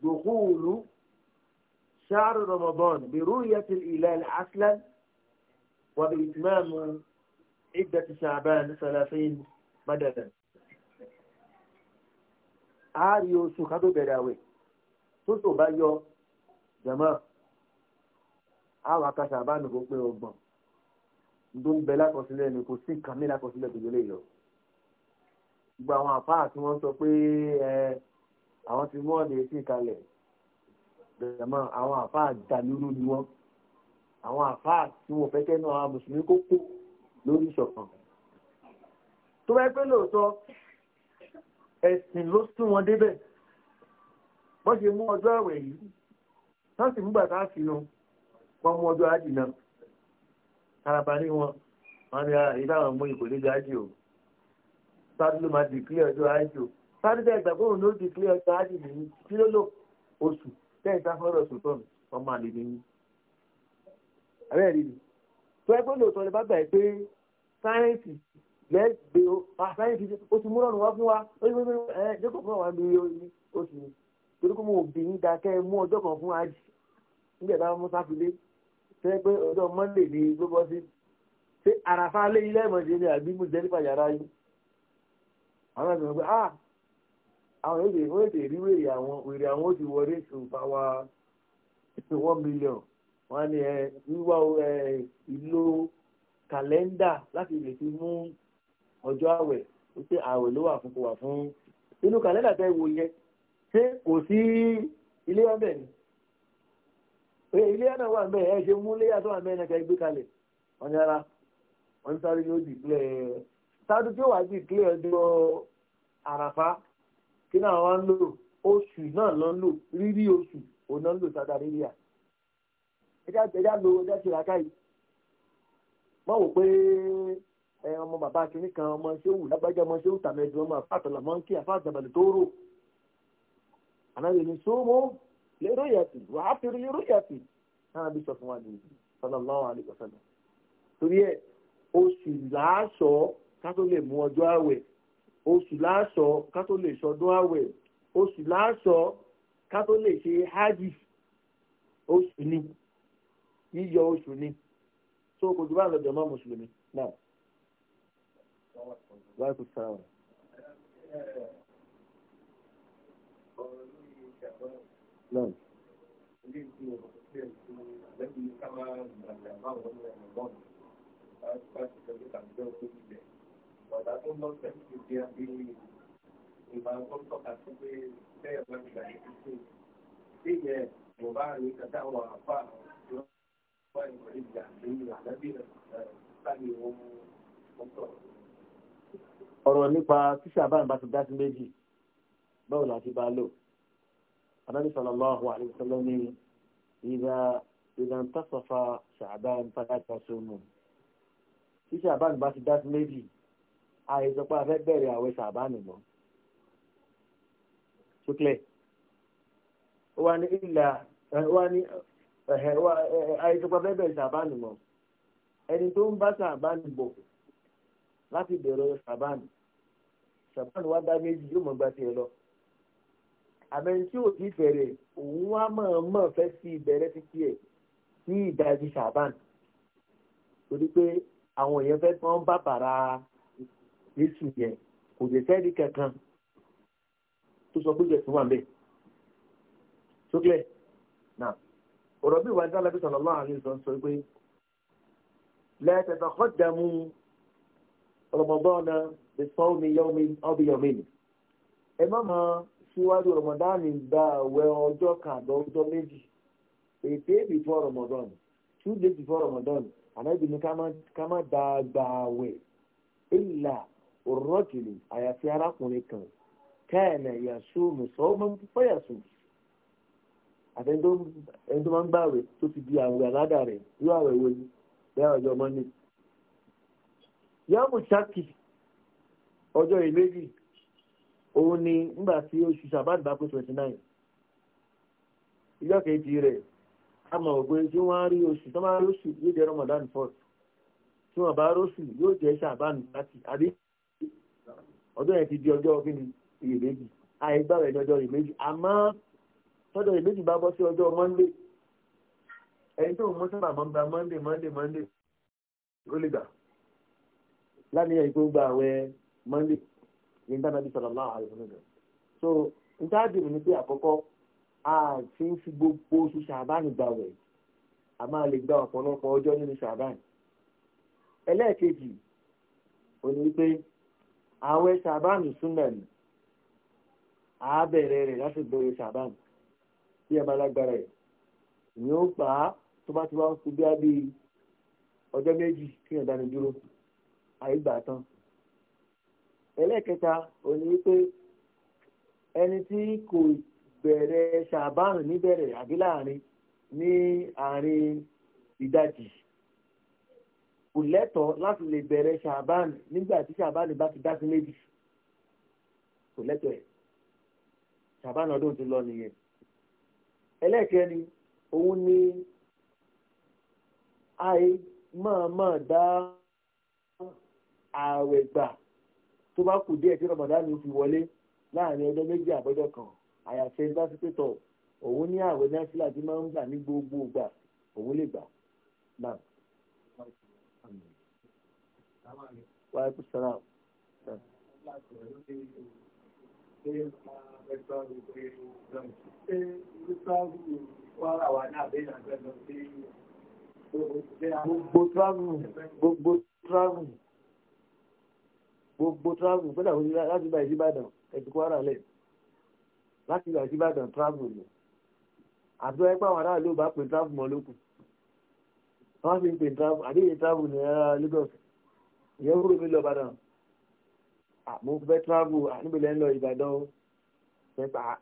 dòkúwòlú ṣáàrù ramadan bẹ̀rù yẹtù ilẹ̀ aslan wà bí ìtìmáàmù ìgbà ti ṣàbán sàlàfín madadan. a oṣù ká tó bẹ̀rẹ̀ àwẹ̀ tótò bá yọ jẹ̀mọ́ àwọn akásà bá nìkó pé ọgbọ̀n tó ń bẹ lákọsílẹ̀ ni kò sí nǹkan ní lákọsílẹ̀ tó yọlé yọ gbogbo àwọn àfáà tí wọ́n sọ pé ẹ àwọn ti mú ọ̀dẹ̀ sí ìkalẹ̀ jẹ̀mọ́ àwọn àfáà dàlúrú ni wọ́n àwọn àfáà tí wọ́n fẹ́ kẹ́nu àwọn mùsùlùmí kó kó lórí ìṣọ̀kan tó bá pẹ́ lóòótọ́ ẹ̀sìn ló sún wọn débẹ̀ wọ́n ṣe mú ọjọ́ ẹ̀wẹ̀ yìí wọ́n sì múgbà tá a fi nu wọ́n mú ọjọ́ ájì náà karaba ní wọn wọ́n ní ìdáhùn ah, mú ìkò nígbà o sáré ló máa dìklẹ́ ọjọ́ ájì o sáré tẹ́ ìgbà fóun ló dìklẹ́ ọjọ́ ájì nìyí kí ló lò oṣù tẹ́ ìsáfọ́rọ̀ sùtọ́nù ọmọ àlè nìyí. àbẹ́rẹ́ rí tó ẹgbẹ́ lóòótọ́ lè bá gbà pé sáyẹ́ǹsì lẹ́gbẹ̀ẹ́ ah, sáyẹ́ǹsì ó ti múrọ̀nù wá fún wa ó ní torí pé mo bì í dákẹ́ mú ọjọ́ kan fún ajì nígbà bá mú sáfilé tẹ́ pé ọjọ́ monday ni gbogbo sí ṣé àràfà lé ilé ẹ̀mọ́ ṣe ni àbí mo jẹ́ nípa yàrá yìí àwọn ẹ̀sìn pé ah àwọn èdè wọ́n èdè rí wèrè àwọn wèrè àwọn ó ti wọlé sùn fáwa one million wọ́n ní ẹ wíwá ẹ ìlò kàlẹ́ndà láti lè fi mú ọjọ́ àwẹ̀ ó pé àwẹ̀ ló wà fún kò wà fún inú kàlẹ́ndà tẹ́ wo yẹn ṣé kò sí ilé ọbẹ̀ ni pé ilé ọ̀nà wà ń bẹ̀ ẹ ṣe mú léyà tó wà ń bẹ̀ ẹ̀ka gbé kalẹ̀ wọ́n yára wọ́n sáré ní ó dìklẹ̀ sáájú tí ó wà dìklẹ̀ ọjọ́ àràfá kí náà wọ́n ń lò oṣù náà lọ́n lò rírí oṣù òun náà ń lò sáadà rírí à ẹjá ẹjá lo ẹjá ṣe ra káyìí mọ̀ wò pé ọmọ bàbá kìnnìkan ọmọ ṣéwù lágbájá ọmọ ṣéwù tàmẹ́dùn ọmọ àfàtàlà mọ́ńkì àfàtàbàlì tó rò ànábì ní sómo lérò yàtì wà á fi lérò yàtì náà bí sọ fún wa ní sallallahu alaihi wasallam torí ẹ oṣù láàṣọ ká tó lè mú ọjọ́ àwẹ̀ oṣù láàṣọ ká tó lè ṣọdún àwẹ̀ oṣù láàṣọ ká tó lè ṣe hajj oṣù ni yíyọ oṣù ni tó kò jù bá lọ́jọ́ mọ́ mùsùlùmí náà. wàá kò sára náà. Ọ̀dà tó lọ sẹ́yìn ti di abí ìgbà gbọ́dọ̀ àti pé bẹ́ẹ̀ bá ti gbàgbé títí. Bí ìyẹn mo bá rí kàdá àwọn àpá àti ọ̀pọ̀ ìwọ̀n ìjà ní ìlànà bí sáàbì wọn mú tọ̀. Ọ̀rọ̀ nípa tíṣà báyìí bá ti dá sí méjì, báwo la ti bá lò? النبي صلى الله عليه وسلم إذا إذا انتصف شعبان فلا تصوموا tí ṣàbánì bá ti dá sí méjì àìsàn pé a fẹ́ bẹ̀rẹ̀ àwẹ̀ ṣàbánì mọ́ ṣúklẹ̀ ó wá ní ìlà wá ní àìsàn pé a fẹ́ bẹ̀rẹ̀ ṣàbánì mọ́ ẹni tó ń bá ṣàbánì bọ̀ láti bẹ̀rẹ̀ ṣàbánì ṣàbánì wá dá méjì yóò mọ̀ gbà tiẹ̀ lọ àmẹ́ni tí ò ti bẹ̀rẹ̀ òun wá mọ̀ọ́mọ̀ fẹ́ sí ìbẹ̀rẹ̀ títí ẹ̀ sí ìdajì ṣàbàn torí pé àwọn èèyàn fẹ́ tán bá bàrà jésù yẹn kò lè sẹ́ẹ̀dì kankan tó sọ pé jésù wà mẹ́ sókè náà ọ̀rọ̀ bí ìwádìí alábí sọ̀rọ̀ lọ́wọ́ àárín sọ sọ pé lẹ́ẹ̀tẹ̀tẹ̀ kọ́dàmú ọmọbọ́n náà omi yọ omi ọbí yọ omi ẹ má máa síwájú ramadan gba àwẹ ọjọ́ kàdọ̀ ọjọ́ méjì ètè before ramadan two days before ramadan ànábì ní ká má da gba àwẹ ìlà òrọ́jìlì àyàfi arákùnrin kan káyànà yàsó mùsọ́ọ́mọ́ fọ́yàsó àtẹni tó máa ń gbà rẹ̀ tó ti di àwẹ̀ aládà rẹ̀ yóò àwẹ̀ wo ni bẹ́ẹ̀ ọjọ́ mọ́ni. yàmù ọjọ́ ìlẹ́yìn òun ni nígbà tí oṣù sàbáàdì bá pé twenty nine ìjọ kejì rẹ̀ a mọ̀ ògbé tí wọ́n á rí oṣù tó máa róṣù yóò jẹ́ ramadan fourth tí wọ́n bá róṣù yóò jẹ́ sàbáàdì láti àbí ọjọ́ yẹn ti di ọjọ́ kí ni iye méjì àìgbà rẹ̀ ní ọjọ́ iye méjì àmọ́ tọ́jọ́ iye bá bọ́ sí ọjọ́ monday ẹni tó ń mú sábà máa gba monday monday monday ó lè gbà lánìyàn ìgbó gba àwẹ̀ monday ní dábàbí sallallahu alaihi wasallam so ntáàdì mi ni pé àkọ́kọ́ a ti ń fi gbogbo oṣù ṣàbánì gbà wẹ̀ a máa lè gba ọ̀pọ̀lọpọ̀ ọjọ́ nínú ṣàbánì ẹlẹ́ẹ̀kejì ò ní wípé àwẹ̀ ṣàbánì súnmọ̀ ni a bẹ̀rẹ̀ rẹ̀ láti bẹ̀rẹ̀ ṣàbánì tí ẹ bá lágbára ẹ̀ ni ó gbà á tó bá ti wá ń kú bí a bí méjì kí ẹ̀ dáni dúró àyígbà tán ẹlẹ́ẹ̀kẹta òní wípé ẹni tí kò bẹ̀rẹ̀ ṣàbárùn níbẹ̀rẹ̀ àbí láàrin ní àárín ìdajì kò lẹ́tọ̀ọ́ láti lè bẹ̀rẹ̀ ṣàbárùn nígbà tí ṣàbárùn bá ti dá sí méjì kò lẹ́tọ̀ọ́ ẹ̀ ṣàbárùn ọdún ti lọ nìyẹn ẹlẹ́ẹ̀kẹrin òun ni àì máa máa dá ààwẹ̀ gbà tó bá kù díẹ̀ tí rọmọdánù fi wọlé láàrin ọjọ́ méjì àbọ́jọ́ kan àyàfẹ́ ìbáṣepẹ̀tọ̀ òun ní àwẹ̀ náfìlà tí máa ń gbà ní gbogbo ìgbà òun lè gbà náà. wáyé kú sara o. gbogbo travel gbogbo travel gbogbo travel gbọ́dọ̀ wọlé láti gba ìsíbàdàn ẹ̀dùn kwara lẹ̀ láti gba ìsíbàdàn travel ni àti wáyé pàwọn aráàlú bá pè travel mọ́ lókun wọ́n fi ń pè travel àdéhìí travel ní ara Lagos ìyẹn fúru mi lọ Ìbàdàn mo fẹ́ travel níbẹ̀lẹ̀ ń lọ Ìbàdàn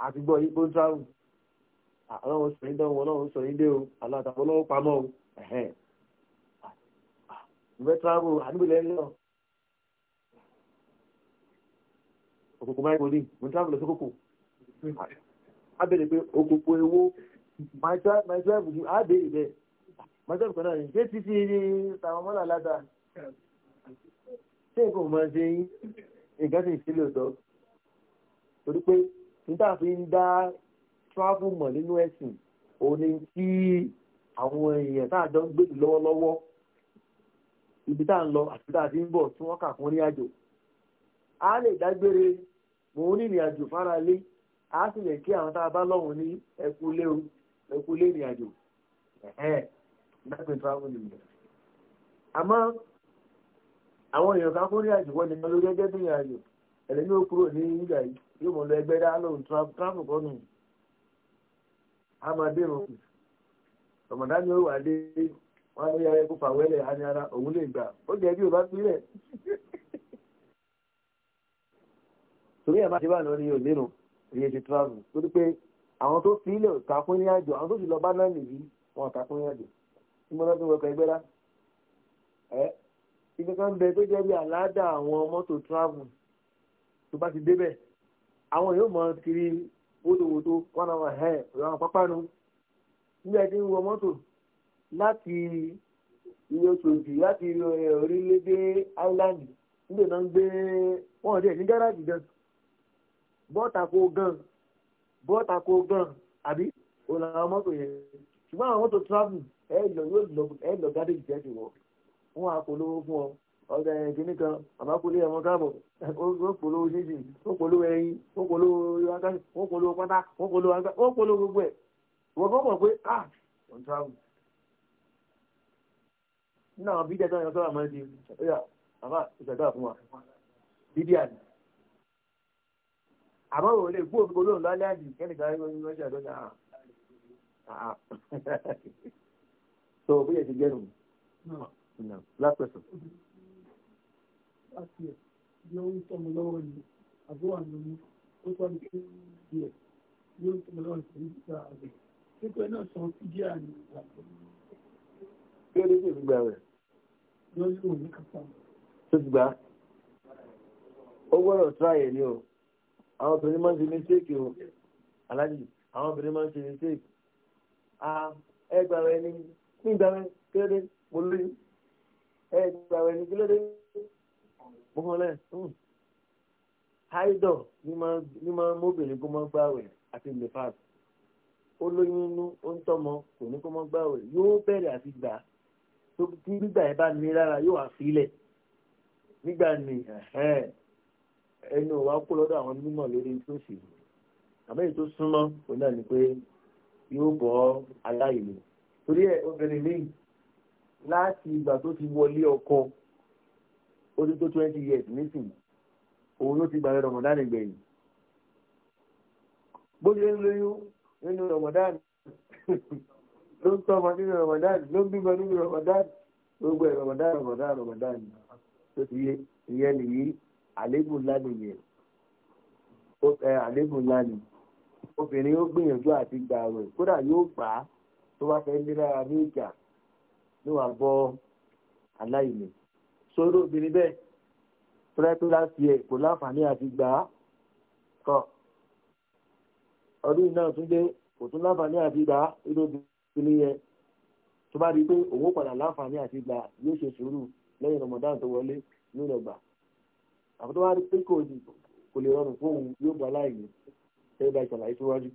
àti gbọ́ yípo travel ọlọ́run sọ yín dánwò ọlọ́run sọ yín dé o aláàtàkọ́ ọlọ́run pamọ́ o mo fẹ́ travel àdébẹ̀lẹ̀ ń lọ. òkòkò máìkòlì mo travel lọ sókòkò a bẹ̀rẹ̀ pé òkòkò ewó my drive ju a bẹ̀rẹ̀ bẹ́ẹ̀ my drive kan náà ní ṣé títí ní tàwọn mọ́là láta ṣé nǹkan ò máa ṣe yín nǹkan sì sílẹ̀ ọ̀tọ̀ torí pé níta fi ń dá travel mọ̀ nínú ẹ̀sìn òun ni kí àwọn èèyàn tá a jọ ń gbèdì lọ́wọ́lọ́wọ́ ibi tá a ń lọ àti tá a ti ń bọ̀ tí wọ́n kà fún ní àjò a lè dágbére mò ń rìnrìn àjò fara lé a sì lè kí àwọn tá a bá lọ́wọ́ ní ẹkúlé o ẹkúlé ìrìn àjò dápẹ́ ni àmọ́ àwọn èèyàn kan kó ní àjò wọ́n nìkan ló gẹ́gẹ́ bí ìrìn àjò ẹ̀lẹ́ni ó kúrò ní ìgbà yóò mọ̀ lọ ẹgbẹ́ dá a ni torí ẹ̀ bá ṣe báyìí lórí òlérò ìyẹn ṣe travel torí pé àwọn tó fi ilẹ̀ ta fún ní àjò àwọn tó sì lọ bá náà nìyí wọn ta fún ní àjò tí mo lọ́dún ẹgbẹ́ rá ẹ ibi kan bẹ tó jẹ́ bí àládà àwọn travel tó bá ti débẹ̀ àwọn yóò mọ kiri wótòwótò wọn one ẹ̀ ọ̀rọ̀ àwọn pápánu nígbà tí ń wọ mọ́tò láti ilé oṣooṣù láti orílẹ̀-èdè náà ń gbé wọn ò ní bọ́ọ̀tà kó gan bọ́ọ̀tà kó gan àbí òun làwọn mọ́tò yẹn ṣùgbọ́n àwọn mọ́tò travel ẹ lọ yóò lọ ẹ lọ gádéjì jẹ́ ti wọ̀ wọn á polówó fún ọ ọ̀dà ẹ̀ kìíní kan àbákulé ẹ̀wọ̀n káàbọ̀ ó polówó ṣíṣì ó polówó ẹyin ó polówó akáṣí ó polówó pátá ó polówó agbá ó polówó gbogbo ẹ̀ wọ́n kọ́ mọ̀ pé ah on travel nínú àwọn bídíà tó ń yọ sọ́wọ́ àmọ́ ẹ ti ó yà àbá ìṣẹ̀dá fún wa bídíà ni àmọ́ òun lè gbó òfin olóhùn lálẹ́ àjì kẹ́nìkan rí oyún lọ́sẹ̀ lọ́sẹ̀ àà so bóyá ti jẹ́ nù hmm. last question. láti ẹ̀ yóò ń tọ́ mi lọ́wọ́ ni àbúrò àná mi ó tọ́ mi kí díẹ̀ yóò ń tọ́ mi lọ́wọ́ sí ìgbà rẹ̀ nípa náà san fídíò àná ìgbà rẹ̀. kí ló dé sí ìgbà rẹ̀. yóò ní òun kápá. tó ti gbà ó gbọ́dọ̀ tíráyẹ̀ ni o àwọn obìnrin máa ń ṣe mistake o aláàjì àwọn obìnrin máa ń ṣe mistake a ẹ gbà wẹ ni ní ìgbà wẹ kílódé mo lóyún ẹ gbà wẹ ni kílódé mo fọn lẹ hmm. haidọ ni máa ń móbìnrin kó máa ń gbà wẹ àti lefat ó lóyún inú ó ń tọmọ kò ní kó máa ń gbà wẹ yóò bẹ̀rẹ̀ àti gbà tí gbígbà yẹn bá ní lára yóò wá sílẹ̀ nígbà ni ẹ̀hẹ́n ẹnu wa kó lọ́dọ̀ àwọn mímọ̀ lórí tóṣì àbẹ́yìn tó súnmọ́ òun náà ni pé yóò bọ́ aláìní torí ẹ̀ obìnrin míì láti ìgbà tó ti wọlé ọkọ ó ti tó twenty years nísìnyí òun ló ti gbàgbé rọmọdánì gbẹ̀yìn bó ṣe ń lóyún nínú rọmọdánì ló ń tọ́mọ nínú rọmọdánì ló ń bímọ nínú rọmọdánì gbogbo ẹ̀ rọmọdánì rọmọdánì rọmọdánì tó ti yé ìyẹn nìyí àlébù ńlá nìyẹn ni obìnrin ó gbìyànjú àti gbà rẹ̀ kódà yóò gbà á tó bá fẹ́ nílára ní ìjà ní wàá bọ́ aláìní sóró obìnrin bẹ́ẹ̀ tọ́lẹ́tọ́ láti ẹ̀ kò láǹfààní àti gbà á kọ́ ọdún náà tún dé kò tún láǹfààní àti gbà á inú obìnrin yẹn tó bá rí i pé òun padà láǹfààní àti gbà yóò ṣe sùúrù lẹ́yìn ramadan tó wọlé yóò lọ àwọn tó wá rí pé kò di kò lè rọrùn fóun yóò bọ aláìní ṣẹlẹ bá ìṣàlàyé tó wájú.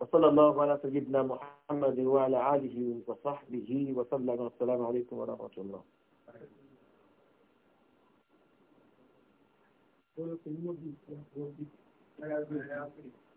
وصلى الله على سيدنا محمد وعلى آله وصحبه وسلم والسلام عليكم ورحمة الله Thank you.